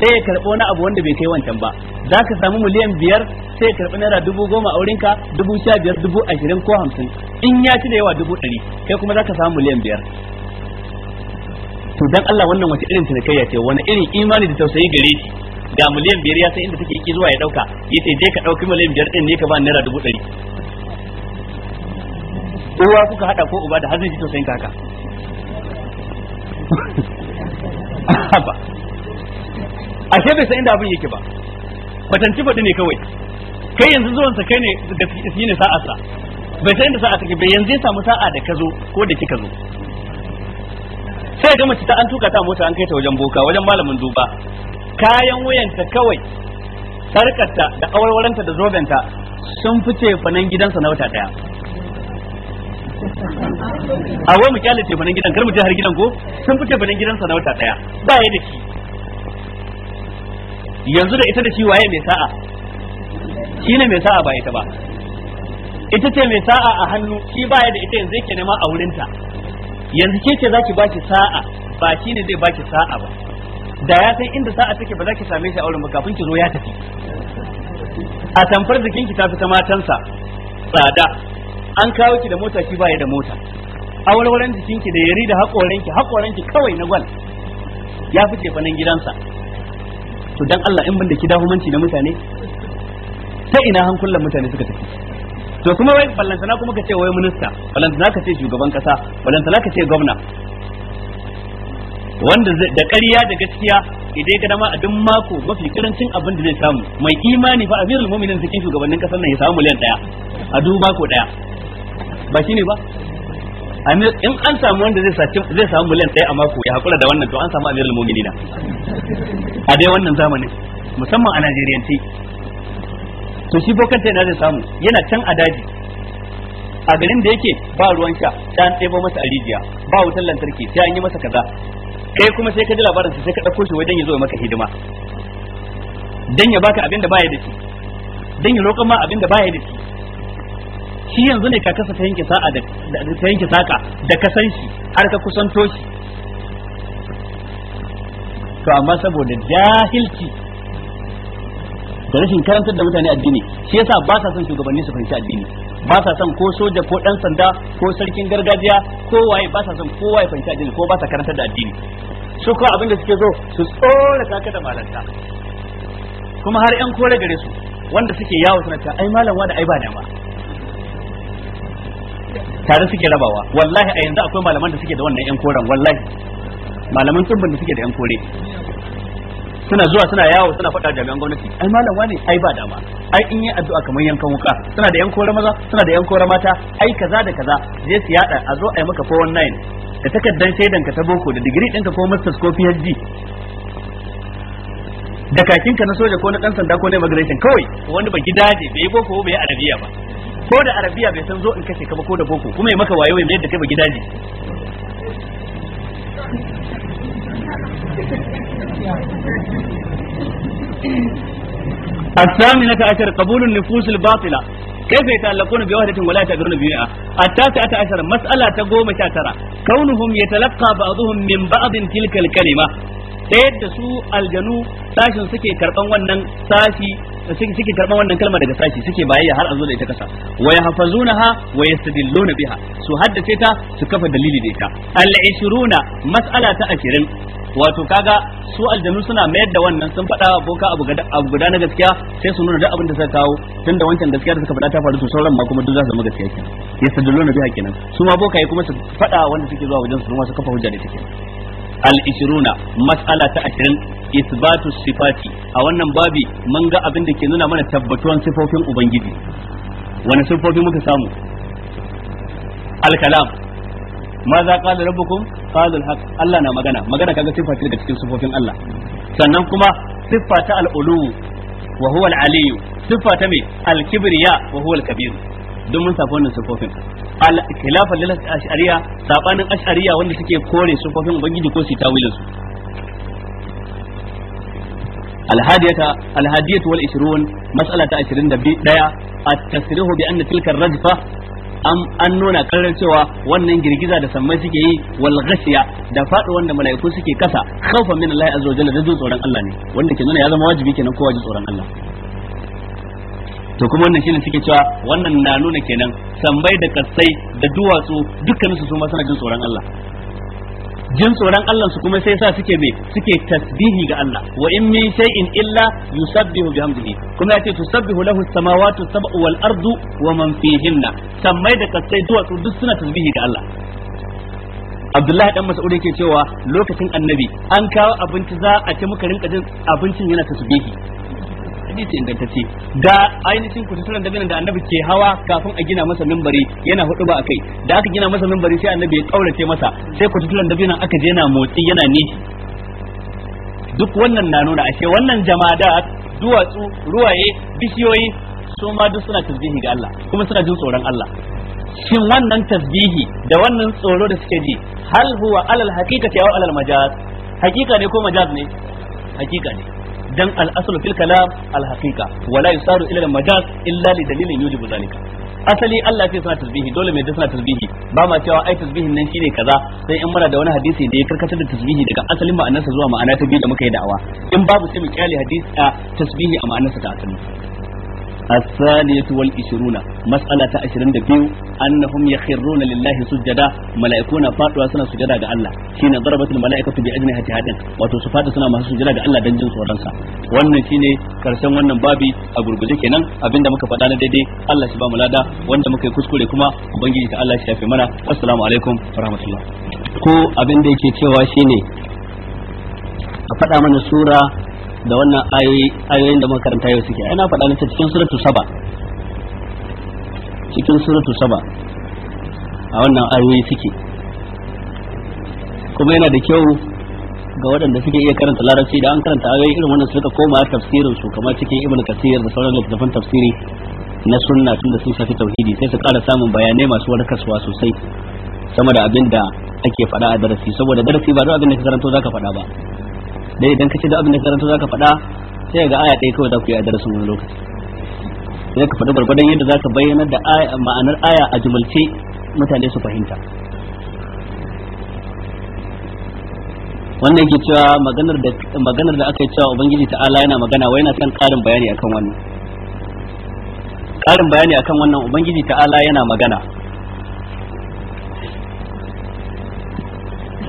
sai ya karɓo na abu wanda bai kai wancan ba za ka samu miliyan biyar sai ya karɓi naira dubu goma a wurinka dubu sha biyar dubu ashirin ko hamsin in ya ci da yawa dubu ɗari kai kuma za ka samu miliyan biyar to dan Allah wannan wace irin ya ce wani irin imani da tausayi gare shi ga miliyan biyar ya san inda take yake zuwa ya dauka yace je ka dauki miliyan biyar din ne ka ba naira dubu ɗari kowa kuka hada ko uba da har zai ji tausayin kaka haba ashe bai san inda abin yake ba Batanci faɗi ne kawai kai yanzu zuwan sa kai ne da shi ne sa'a sa bai san inda sa'a take bai yanzu ya samu sa'a da ka zo ko da kika zo sai ga mace ta an tuka ta mota an kai ta wajen boka wajen malamin duba kayan wayanta kawai sarkarta da awarwaranta da zobenta sun fice fanan gidansa na wata daya a wai mu kyale tefanin gidan kar mu je har gidan ko sun fi gidan gidansa na wata daya ba ya da shi yanzu da ita da shi waye mai sa'a shi ne mai sa'a ba ita ba ita ce mai sa'a a hannu shi ba ya da ita yanzu yake nema a wurinta yanzu ke ce za ki ba ki sa'a ba shi ne zai ba ki sa'a ba da ya san inda sa'a take ba za ki same shi a wurin ba kafin ki zo ya tafi a tamfar jikinki ta fi ta matansa tsada an kawo ki da mota ki baya da mota a awarwaran jikinki da yari da haƙoranki haƙoranki kawai na gwal ya fi cefanen gidansa to dan Allah in banda ki dahumanci na mutane ta ina hankulan mutane suka tafi to kuma wai ballantana kuma ka ce wai minista ballantana ka ce shugaban kasa ballantana ka ce gwamna wanda da ƙarya da gaskiya idan ka dama a duk mako mafi karancin abin da zai samu mai imani fa amirul mu'minin cikin shugabannin kasar nan ya samu miliyan daya a duk mako daya ba shi ne ba in an samu wanda zai samu miliyan ɗaya a mako ya haƙura da wannan to an samu al-mumini na a dai wannan zamanin musamman a Najeriyance to shi bokan yana zai samu yana can a daji a garin da yake ba ruwan sha sai an ɗebo masa a rijiya ba wutar lantarki sai an yi masa kaza kai kuma sai ka ji labarin sai ka ɗauko shi wajen ya zo maka hidima dan ya baka abin da baya da shi dan ya roƙa ma abin da baya da shi shi yanzu ne kasa ta yanke sa'a da ta yanke saka da kasan shi har ka kusanto shi to amma saboda jahilci da rashin karantar da mutane addini shi yasa ba sa son shugabanni su fahimci addini ba sa son ko soja ko dan sanda ko sarkin gargajiya ko waye ba sa son ko waye fahimci addini ko ba sa karantar da addini su ko abinda suke zo su tsora kaka da malanta kuma har yan kore gare su wanda suke yawo suna cewa ai malam da ai ba da ma tare suke rabawa wallahi a yanzu akwai malaman da suke da wannan yan koren wallahi malaman tsibbin da suke da yan kore suna zuwa suna yawo suna faɗa jami'an gwamnati ai malam wane ai ba dama ai in yi addu'a kamar yankan wuka suna da yan kore maza suna da yan kore mata ai kaza da kaza je su yada a zo ai maka 419 da takaddan shaidan ka ta boko da digiri ɗinka ko masters ko PhD da kakinka na soja ko na dan sanda ko na immigration kawai wani ba gida ne bai boko bai arabiya ba ko da arabiya bai san zo in kashe ka ba ko da boko kuma ya maka wayo ya mayar da kai ba gidaje الثامنة عشر قبول النفوس الباطلة كيف يتعلقون بوحدة ولا يتأثرون بمئة التاسعة عشر مسألة تقوم شاترة كونهم يتلقى بعضهم من بعض تلك الكلمة ta yadda su aljanu sashin suke karban wannan sashi suke karban wannan kalma daga sashi suke bayayya har a zo da ita kasa wa yahfazunaha wa yastadilluna biha su haddace ta su kafa dalili da ita al-ishruna mas'ala ta 20 wato kaga su aljanu suna mayar da wannan sun faɗa boka abu guda na gaskiya sai su nuna duk abin da suka kawo tunda wancan gaskiya da suka faɗa ta faru to sauran ma kuma duk za su zama gaskiya kenan yastadilluna biha kenan su ma bokaye kuma su faɗa wanda suke zuwa wajen su kuma su kafa hujja da ita kenan al-20 mas'ala ta 20 isbatu sifati a wannan babi mun ga abin ke nuna mana tabbatuwan sifofin ubangiji wani sifofi muka samu al-kalam ma za qala rabbukum Allah na magana magana ka ga sifa daga cikin sifofin Allah sannan kuma siffa ta al aliyu siffa ta me al-kibriya wa duk mun safa wannan sufofin al khilafan lil ash'ariya sabanin ash'ariya wanda suke kore sufofin ubangiji ko su tawilin su ta الهادية والعشرون مسألة عشرين دبيا التصريح بأن تلك الرجفة an nuna karar cewa wannan girgiza da sammai suke yi wal ghashiya da faɗi wanda mala'iku suke kasa khawfan min Allah azza wajalla da tsoron Allah ne wanda ke nuna ya zama wajibi kenan kowa ji tsoron Allah to kuma wannan shine suke cewa wannan na nuna kenan sambai da kassai da duwatsu dukkan su ma suna jin tsoron Allah jin tsoron Allah su kuma sai sa suke me suke tasbihi ga Allah wa in min shay'in illa yusabbihu bihamdihi kuma yace tusabbihu lahu as-samawati sab'u wal ardu wa man fihinna sambai da kassai duwatsu duk suna tasbihi ga Allah Abdullahi dan Mas'ud yake cewa lokacin Annabi an kawo abinci za a ci muka rinka jin abincin yana tasbihi hadisi ingantacce ga ainihin kuturan da da annabi ke hawa kafin a gina masa mimbari yana hudu ba akai da aka gina masa mimbari sai annabi ya kaurace masa sai kuturan da aka je yana motsi yana ni duk wannan na nuna ashe wannan jama'a duwatsu ruwaye bishiyoyi su ma duk suna tasbihi ga Allah kuma suna jin tsoron Allah shin wannan tasbihi da wannan tsoro da suke ji hal huwa alal haqiqati aw alal majaz haqiqa ne ko majaz ne haqiqa ne dan al-aslu fil kalam al-haqiqa wala yusaru ila al-majaz illa li dalilin yujibu zalika asali Allah ce suna tasbihi dole mai da suna tasbihi ba ma cewa ai tasbihin nan shine kaza sai in muna da wani hadisi da ya karkatar da tasbihi daga asalin ma'anarsa zuwa ma'ana ta biyu da muka yi da'awa in babu sai mu kyale hadisi a tasbihi a ma'anarsa ta asali الثانية والعشرون مسألة عشرين دبيو أنهم يخرون لله سجدا ملائكونا فاتوا سنة سجدا على الله شين ضربت الملائكة بأجنحة هذا وتصفات سنة ما سجدا على الله دنجن سورانسا wannan shine karshen wannan babi a gurguje kenan abinda muka faɗa na daidai Allah shi ba mu lada wanda muka yi kuskure kuma ubangiji ta Allah shi shafe mana assalamu alaikum warahmatullah ko abin da yake cewa shine a faɗa mana sura da wannan ayoyin da makaranta yau suke ana faɗa na cikin suratu saba cikin suratu saba a wannan ayoyi suke kuma yana da kyau ga waɗanda suke iya karanta larabci da an karanta ayoyi irin wannan suka koma tafsirin su kamar cikin ibn kasir da sauran littattafan tafsiri na sunna tun da sun shafi tauhidi sai su ƙara samun bayanai masu warkaswa sosai sama da abin da ake faɗa a darasi saboda darasi ba zuwa abin da ka karanto zaka faɗa ba dai idan ka ce da abin da karanta zaka faɗa sai ga aya ɗaya kawai za ku yi a darasin wani lokaci sai ka faɗi gwargwadon yadda za ka bayyana da ma'anar aya a jumalce mutane su fahimta wannan ke cewa maganar da maganar da aka yi cewa ubangiji ta Allah yana magana wai yana son ƙarin bayani akan wannan ƙarin bayani akan wannan ubangiji ta'ala yana magana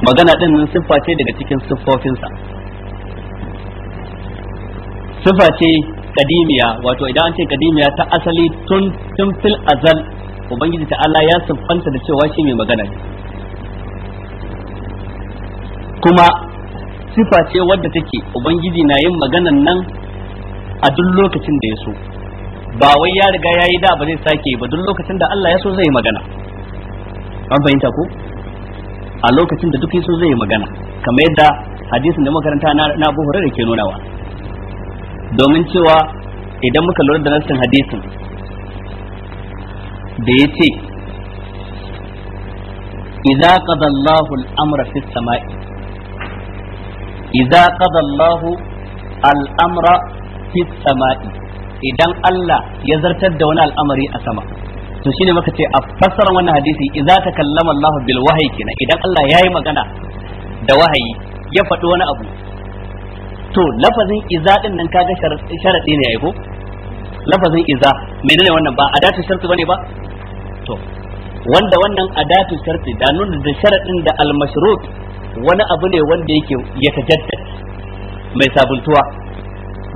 magana din nan siffa ce daga cikin siffofinsa sifa ce kadimiya wato idan an ce kadimiya ta asali tun tun fil azal ubangiji ta Allah ya siffanta da cewa shi mai magana kuma sifa ce wadda take ubangiji na yin maganan nan a duk lokacin da ya so ba wai ya riga ya yi da ba zai sake ba duk lokacin da Allah ya so zai yi magana an fahimta ko a lokacin da duk yaso zai yi magana kamar yadda hadisin da makaranta na Abu Hurairah ke nunawa domin cewa idan muka lura da nassin hadisin da ya ce idza qada Allahu al-amra fi samai idza qada Allahu al-amra fi samai idan Allah ya zartar da wani al'amari a sama to shine muka ce a fassarar wannan hadisi idza takallama Allah bil wahyi kenan idan Allah yayi magana da wahayi ya faɗi wani abu to lafazin iza din nan kaga sharadi ne yayi ko lafazin iza menene wannan ba adatu shartu bane ba to wanda wannan adatu sharti da nuna da sharadin da al-mashrut wani abu ne wanda yake ya tajaddad mai sabuntuwa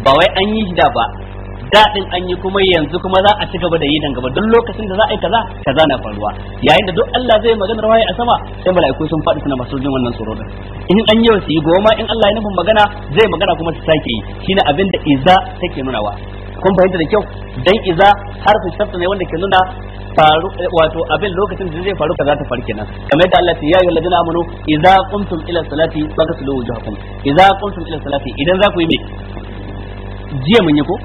ba wai an yi shi da ba daɗin an yi kuma yanzu kuma za a ci gaba da yi nan gaba duk lokacin da za a yi kaza kaza na faruwa yayin da duk Allah zai magana rawaye a sama sai mala'iku sun faɗi suna masu jin wannan tsoro da. in an yi su yi goma in Allah ya nufin magana zai magana kuma su sake yi shine abin da iza take wa kun fahimta da kyau dan iza su shartu ne wanda ke nuna faru wato abin lokacin da zai faru kaza ta farke nan kamar yadda Allah ya yi ladina amanu iza qumtum ila salati faghsilu wujuhakum iza qumtum ila salati idan za ku yi me jiya mun yi ko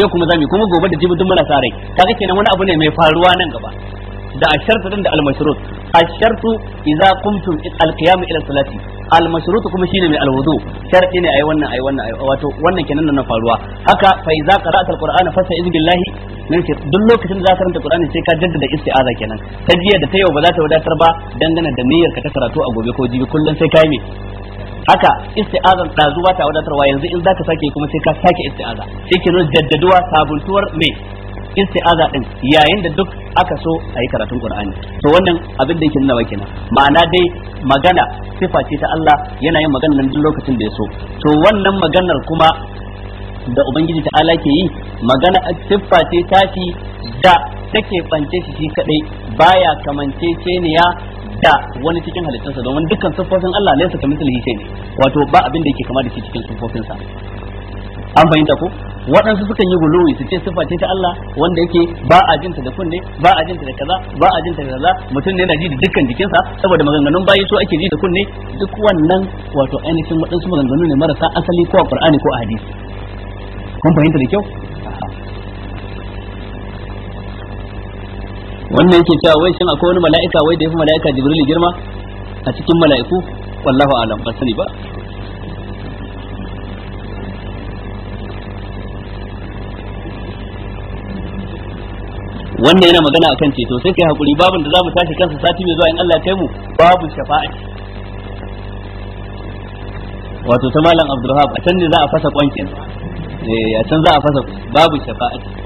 yau kuma zamu kuma gobe da jibi duk muna sa rai kaga kenan wani abu ne mai faruwa nan gaba da ashartu din da almashrut ashartu idza qumtum alqiyam ila salati almashrut kuma shine mai alwudu sharti ne ayi wannan ayi wannan ayi wato wannan kenan nan faruwa haka fa idza qara'ta alqur'ana fasta'iz billahi nan ce duk lokacin da za ka karanta qur'ani sai ka jaddada isti'aza kenan ta jiya da ta yau ba za ta wadatar ba dangane da niyyar ka ta karatu a gobe ko jibi kullun sai kai me haka isti'azan zuwa ta wadatarwa yanzu in zaka sake kuma sai ka sake isti'aza sai ke nuna jaddaduwa sabuntuwar mai isti'aza din yayin da duk aka so a yi karatun qur'ani to wannan abin da yake nuna wake na ma'ana dai magana sifa ce ta Allah yana yin magana nan duk lokacin da ya so to wannan maganar kuma da ubangiji ta ala ke yi magana siffa ce shi da take bance shi shi kadai baya kamanceceniya da wani cikin halittunsa domin dukkan siffofin Allah laysa kamithlihi shay wato ba abin da yake kama da shi cikin siffofinsa an fahimta ko waɗansu sukan yi gulowi su ce siffa ce ta Allah wanda yake ba a jinta da kunne ba a jinta da kaza ba a jinta da kaza mutum ne yana ji da dukkan jikinsa saboda maganganun bayi so ake ji da kunne duk wannan wato ainihin waɗansu maganganu ne marasa asali ko a Qur'ani ko a hadisi kun fahimta da kyau wannan yake cewa wai shin akwai wani mala'ika wai da yafi mala'ika jibril girma a cikin mala'iku wallahu alam ba sani ba wannan yana magana akan ceto sai kai hakuri babin da zamu tashi kansa sati mai zuwa in Allah ya mu babu shafa'a wato ta malam Abdulrahman a can ne za a fasa kwankin eh a can za a fasa babu shafa'a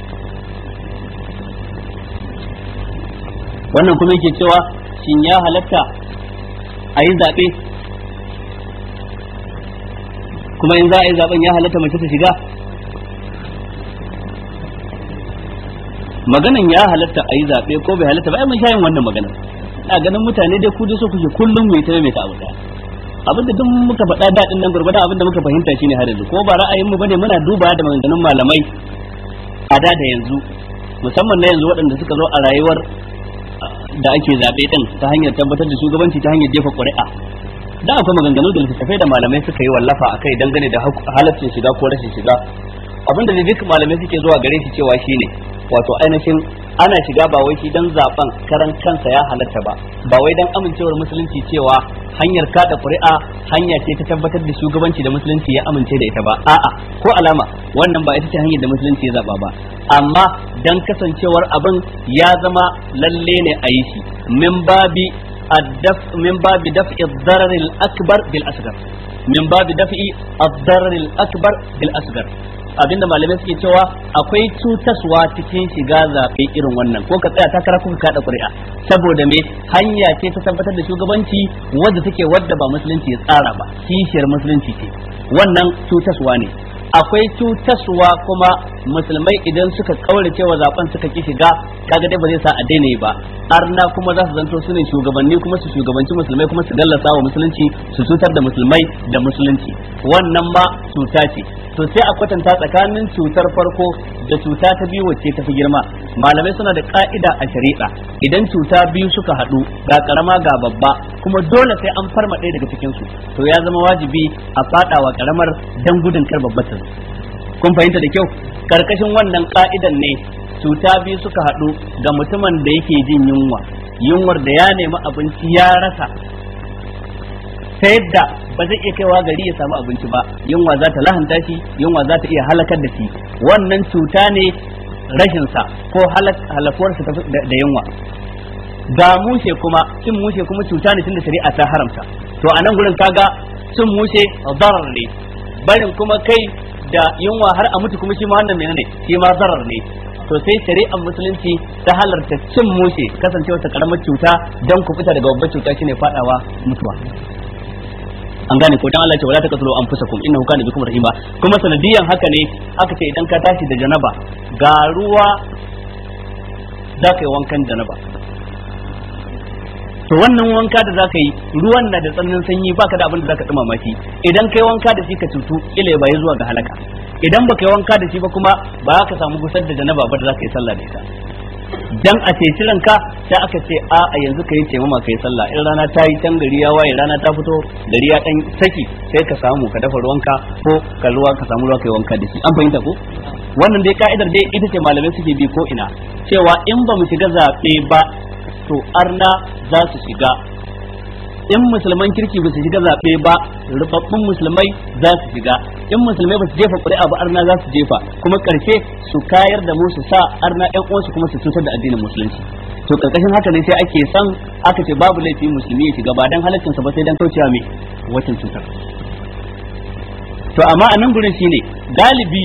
wannan kuma yake cewa shin ya halatta a yi zaɓe kuma in za a yi zaɓen ya halatta mace ta shiga maganan ya halatta a yi zaɓe ko bai halatta ba ai mun sha yin wannan maganar a ganin mutane dai ku so kuke kullum mai ta mai ta abu daya abinda duk muka faɗa daɗin nan gurgurda abinda muka fahimta shine har yanzu ko ba ra'ayinmu bane muna duba da maganganun malamai a da da yanzu musamman na yanzu waɗanda suka zo a rayuwar da ake zaɓe ɗin ta hanyar tabbatar da shugabanci ta hanyar jefa ƙuri'a da akwai maganganu da littattafai da malamai suka yi wallafa a akai dangane da halaccin shiga ko rashin shiga abinda da duk malamai suke zuwa gare shi cewa shi ne, wato ainihin ana shiga ba wai shi dan zaben karan kansa ya halatta ba ba wai dan amincewar musulunci cewa hanyar kada ƙuri'a hanya ce ta tabbatar da shugabanci da musulunci ya amince da ita ba a'a ko alama wannan ba ita ce hanyar da musulunci ya zaba ba amma dan kasancewar abin ya zama lalle ne a yi shi min babi الدفع من باب دفع الضرر الأكبر بالأصغر من باب دفع الضرر الأكبر بالأصغر abinda malamai suke cewa akwai cutaswa cikin shiga zaɓe irin wannan ko ka tsaya takara kuka kada ƙuri'a saboda me hanya ce ta tabbatar da shugabanci wadda take wadda ba musulunci ya tsara ba kishiyar musulunci ce wannan cutaswa ne akwai cutaswa kuma musulmai idan suka kaure wa zaben suka ki shiga kaga dai ba zai sa a daina ba arna kuma za su zanto su ne shugabanni kuma su shugabanci musulmai kuma su gallasa wa musulunci su cutar da musulmai da musulunci wannan ma cuta ce to sai a kwatanta tsakanin cutar farko da cuta ta biyu wacce ta fi girma malamai suna da ka'ida a shari'a idan cuta biyu suka haɗu ga karama ga babba kuma dole sai an farma ɗaya daga cikin su to ya zama wajibi a fadawa karamar dan gudun kar babbar kun fahimta da kyau karkashin wannan ka'idan ne cuta biyu suka haɗu ga mutumin da yake jin yunwa yunwar da ya nemi abinci ya rasa ta yadda ba zai iya kaiwa gari ya samu abinci ba yunwa za ta lahanta shi yunwa za ta iya halakar da shi wannan cuta ne rashinsa ko sa da yunwa ga mushe kuma cin mushe kuma cuta ne tunda shari'a ta haramta to a nan gurin kaga cin mushe darar ne barin kuma kai da yunwa har a mutu kuma shi ma wannan menene shi ma zarar ne to sai shari'ar musulunci ta halarta cin mushe kasancewa ta karamar cuta don ku fita daga babbar cuta shine fadawa mutuwa an gane ko dan Allah ya ce wala takasulu anfusakum innahu kana bikum rahima kuma sanadiyan haka ne aka ce idan ka tashi da janaba ga ruwa za ka yi wankan janaba to wannan wanka da zaka yi ruwan na da tsananin sanyi baka da abin da zaka dumama shi idan kai wanka da shi ka cutu ila ya zuwa ga halaka idan baka yi wanka da shi ba kuma ba ka samu gusar da janaba ba da zaka yi sallah da ita dan a ceci ranka sai aka ce a a yanzu kai taimama kai sallah in rana ta yi can gari ya waye rana ta fito gari ya dan saki sai ka samu ka dafa ruwanka ko ka ruwa ka samu ruwa kai wanka da shi an fahimta ko wannan dai ka'idar dai ita ce malamai suke bi ko ina cewa in ba mu shiga zaɓe ba to arna za su shiga in musulman kirki ba su shiga zaɓe ba rubabbun musulmai za su shiga in musulmai ba su jefa ƙuri'a ba arna za su jefa kuma ƙarshe su kayar da mu sa arna ɗan uwansu kuma su cutar da addinin musulunci to ƙarƙashin haka ne sai ake san aka ce babu laifi musulmi ya shiga ba dan halaccinsa ba sai dan kaucewa mai watan cutar to amma a nan gurin shine galibi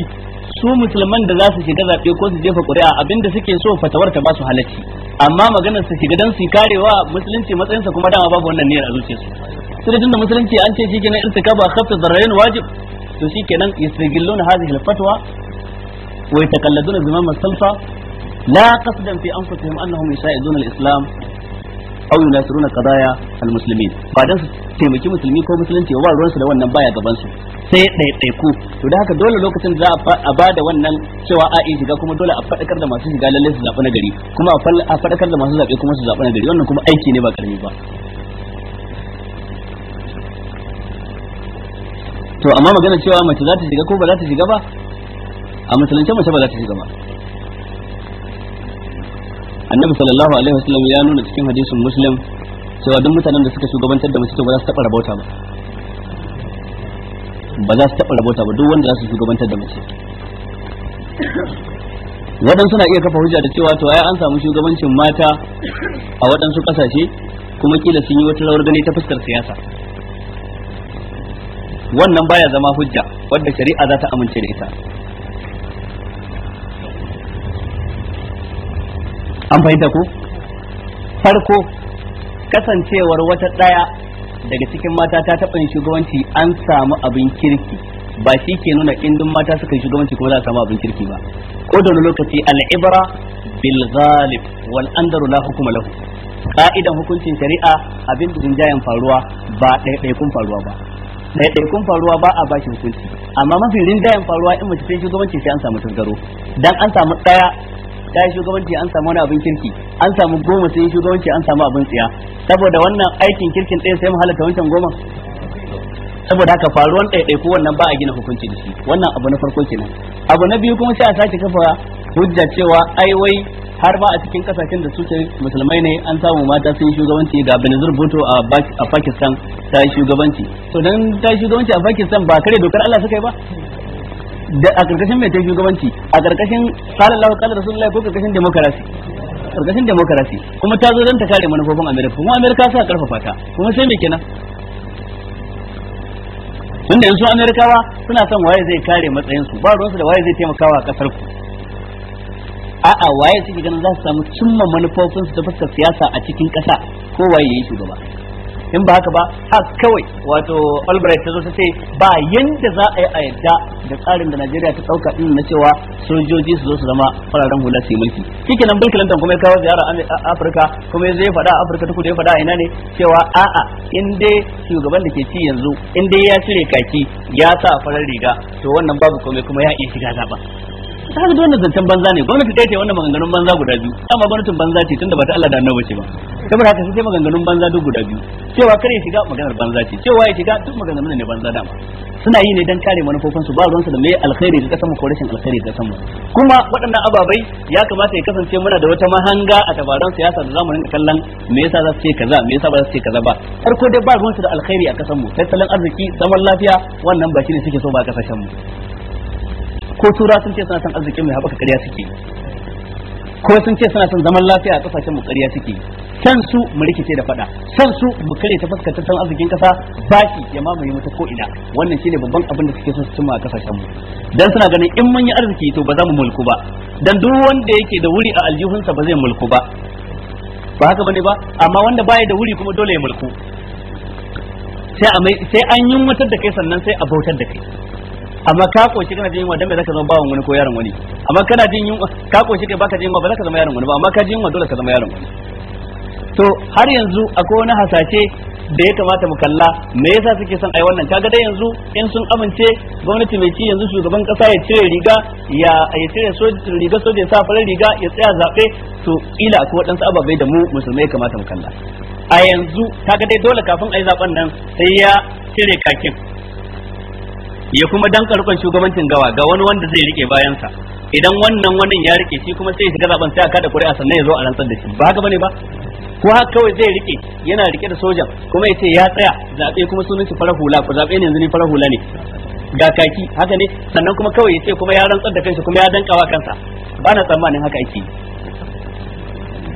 su musulman da za su shiga zaɓe ko su jefa ƙuri'a abinda suke so fatawar ta ba su halacci amma maganar su shiga dan su karewa musulunci matsayinsa kuma dama babu wannan niyyar a zuciyarsu sai tunda musulunci an ce shikenan irtikaba khafta darrayn wajib to shikenan yastagillun hadhihi al-fatwa wa yatakalladuna zimama salfa la qasdan fi anfusihim annahum yusa'iduna al-islam aw yunasiruna qadaya almuslimin ba dan su taimaki musulmi ko musulunci ba ruwan su da wannan baya gaban su sai ku to da haka dole lokacin za a ba da wannan cewa a yi shiga kuma dole a faɗakar da masu shiga lalle su zaɓi na gari kuma a faɗakar da masu zaɓe kuma su zaɓi na gari wannan kuma aiki ne ba ƙarami ba to amma magana cewa mace za ta shiga ko ba za ta shiga ba a musulunce mace ba za ta shiga ba annabi sallallahu alaihi wasallam ya nuna cikin hadisin muslim cewa duk mutanen da suka shugabantar da mace ba za su taɓa rabota ba ba za su taɓa rabota ba duk wanda za su shugabantar da mace waɗansu suna iya kafa hujja da cewa to ai an samu shugabancin mata a waɗansu ƙasashe kuma kila sun yi wata rawar gani ta fuskar siyasa wannan baya zama hujja wadda shari'a za ta amince da ita an fahimta ku? farko kasancewar wata ɗaya daga cikin mata ta taɓa yin shugabanci an samu abin kirki ba shi ke nuna indin mata suka yi shugabanci ko za a samu abin kirki ba ko da lokaci al'ibra bil ghalib wal andaru la hukuma lahu ka'idan hukuncin shari'a abin da rinjayen faruwa ba ɗaiɗaikun faruwa ba ɗaiɗaikun faruwa ba a bashi hukunci amma mafi rinjayen faruwa in mace ta shugabanci sai an samu tasgaro dan an samu ɗaya ta yi shugabanci an samu wani abin kirki an samu goma sai shugabanci an samu abin tsiya saboda wannan aikin kirkin ɗaya sai mahalata wancan goma saboda haka faruwan ko wannan ba a gina hukunci da shi wannan abu na farko kenan abu na biyu kuma sai a sake kafa hujja cewa ai wai har ba a cikin kasashen da suke musulmai ne an samu mata sun shugabanci ga Benazir Bhutto a Pakistan ta yi shugabanci to dan ta yi shugabanci a Pakistan ba kare dokar Allah suka yi ba da a karkashin mai tafi gabanci a karkashin sallallahu da rasulullahi ko karkashin demokarasi karkashin demokarasi kuma ta zo don ta kare manufofin amerika kuma amerika sa karfafa ta kuma sai me kenan tunda yanzu amerikawa suna son waye zai kare matsayinsu ba ruwansu da waye zai taimakawa kasar ku a'a waye suke ganin za su samu cimma manufofinsu ta fuskar siyasa a cikin kasa ko waye yayi shugaba in ba haka ba haka kawai wato albright ta zo ta ce ba yanda za a yi a yadda da tsarin da najeriya ta ɗauka in na cewa sojoji su zo su zama fararen hula su yi mulki kike nan bulki Lantarki kuma ya kawo ziyara afirka kuma ya zai faɗa a afirka ta kudu ya faɗa a ina ne cewa a'a in dai shugaban da ke ci yanzu in dai ya cire kaki ya sa farar riga to wannan babu komai kuma ya iya shiga zaba ta haka wannan zancen banza ne gwamnati ɗaya ce wannan maganganun banza guda biyu amma gwamnatin banza ce tunda ba ta Allah da annabi ce ba saboda haka sai maganganun banza duk guda biyu cewa kare shiga maganar banza ce cewa ya shiga duk maganganun ne banza dama suna yi ne dan kare manufofin su ba ruwansu da mai alkhairi da kasan ko rashin alkhairi da kasan kuma waɗannan ababai ya kamata ya kasance muna da wata mahanga a tabaran siyasa da zamu rinka kallon me yasa za su ce kaza me yasa ba za su ce kaza ba farko dai ba ruwansu da alkhairi a kasan mu tattalin arziki zaman lafiya wannan ba shine suke so ba kasashen mu ko tura sun ce suna son arziki mai haɓaka ƙarya suke ko sun ce suna son zaman lafiya a kasashen mu ƙarya suke san su mu rikice da faɗa, san su mu kare ta fuskar tattalin arzikin kasa baki ya mamaye mata ko ina wannan shine babban abin da suke son su cimma a kasashen mu dan suna ganin in mun yi arziki to ba za mu mulku ba dan duk wanda yake da wuri a aljihunsa ba zai mulku ba ba haka bane ba amma wanda baya da wuri kuma dole ya mulku sai a yi sai an da kai sannan sai a bautar da kai amma ka koshi kana jin yunwa dan me zaka zama bawan wani ko yaron wani amma kana jin yunwa ka koshi kai baka jin yunwa ba zaka zama yaron wani ba amma ka jin yunwa dole ka zama yaron wani to har yanzu akwai wani hasashe da ya kamata mu kalla me yasa suke son ai wannan kaga dai yanzu in sun amince gwamnati mai ci yanzu shugaban kasa ya cire riga ya ya cire riga soja ya sa fara riga ya tsaya zabe to ila akwai waɗansu ababai da mu musulmai kamata mu kalla a yanzu kaga dai dole kafin ai zaben nan sai ya cire kakin ya kuma danka rukun shugabancin gawa ga wani wanda zai rike bayansa idan wannan wannan ya rike shi kuma sai ya shiga zaben sai a kada kuri'a sannan ya zo a rantsar da shi ba haka bane ba ko haka kawai zai rike yana rike da sojan kuma ya ce ya tsaya zabe kuma sunan shi fara hula ku zabe ne yanzu ni fara hula ne ga kaki haka ne sannan kuma kawai ya ce kuma ya rantsar da kansa kuma ya danka wa kansa ba na tsammanin haka ake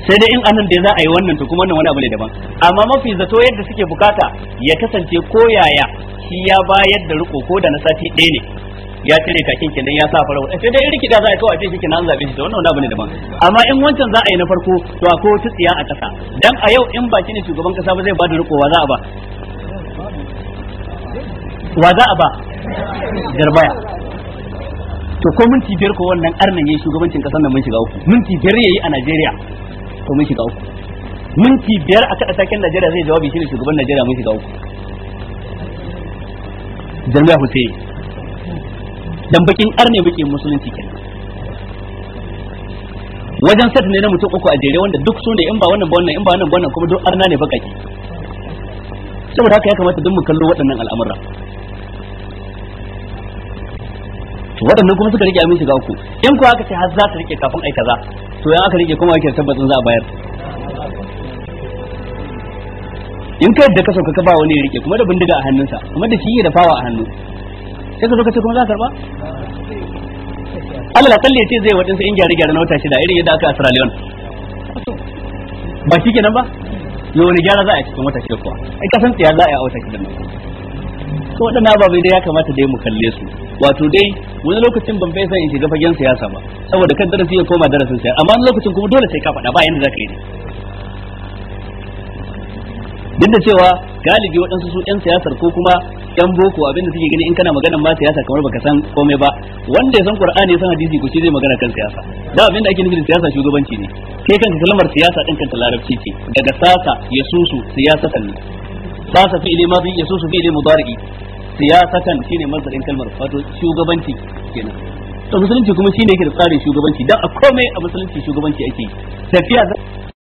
sai dai in anan da za a yi wannan to kuma wannan wani abu ne daban amma mafi zato yadda suke bukata ya kasance ko yaya shi ya bayar da riko ko da na sati ɗaya ne ya cire kakin kinan ya sa farawa sai dai riki da za a kawo a shi kinan an zabe shi to wannan wani abu ne daban amma in wancan za a yi na farko to akwai wata tsiya a kasa dan a yau in baki ne shugaban kasa ba zai ba da wa za a ba wa za a ba garbaya to ko minti biyar ko wannan arnan yayi shugabancin kasar nan mun shiga uku minti biyar yayi a Najeriya to mun shiga uku minti biyar a kada saken Najeriya zai jawabi shi ne shugaban Najeriya mun shiga uku Jami'a Hussein dan bakin arne muke musulunci kenan wajen set ne na mutum uku a jere wanda duk su ne in ba wannan ba wannan in ba wannan ba wannan kuma duk arna ne bakaki saboda haka ya kamata duk mu kallo waɗannan al'amuran to waɗannan kuma suka rike aminci ga uku in kuwa aka ce har za ta rike kafin ai kaza to ya aka rike kuma ake tabbatin za a bayar in kai da ka ka ba wani ya rike kuma da bindiga a hannunsa kuma da shi da fawa a hannu sai ka zo ka ce kuma za ka karba Allah la kalle ce zai waɗansu in gyare gyare na wata shida irin yadda aka a Sierra Leone ba shi kenan ba yo wani gyara za a cikin wata shida kuwa ai kasan tsiya za a yi a wata shida nan to waɗannan ababai da ya kamata dai mu kalle su wato dai wani lokacin ban bai san in shiga fagen siyasa ba saboda kan darasi ya koma darasin siyasa amma wani lokacin kuma dole sai ka faɗa ba yanda zaka yi duk da cewa galibi waɗansu su ƴan siyasar ko kuma ƴan boko abinda suke gani in kana maganar ma siyasa kamar baka san komai ba wanda ya san qur'ani ya san hadisi ko shi zai magana kan siyasa da abinda ake nufi da siyasa shugabanci ne kai kanka kalmar siyasa din kanta larabci ce daga sasa yasusu siyasatan ne sasa fi ilmi ma fi yasusu fi ilmi mudari siyasatan shine mazarin kalmar wato shugabanci kenan to musulunci kuma shine yake da tsarin shugabanci dan a komai a musulunci shugabanci ake tafiya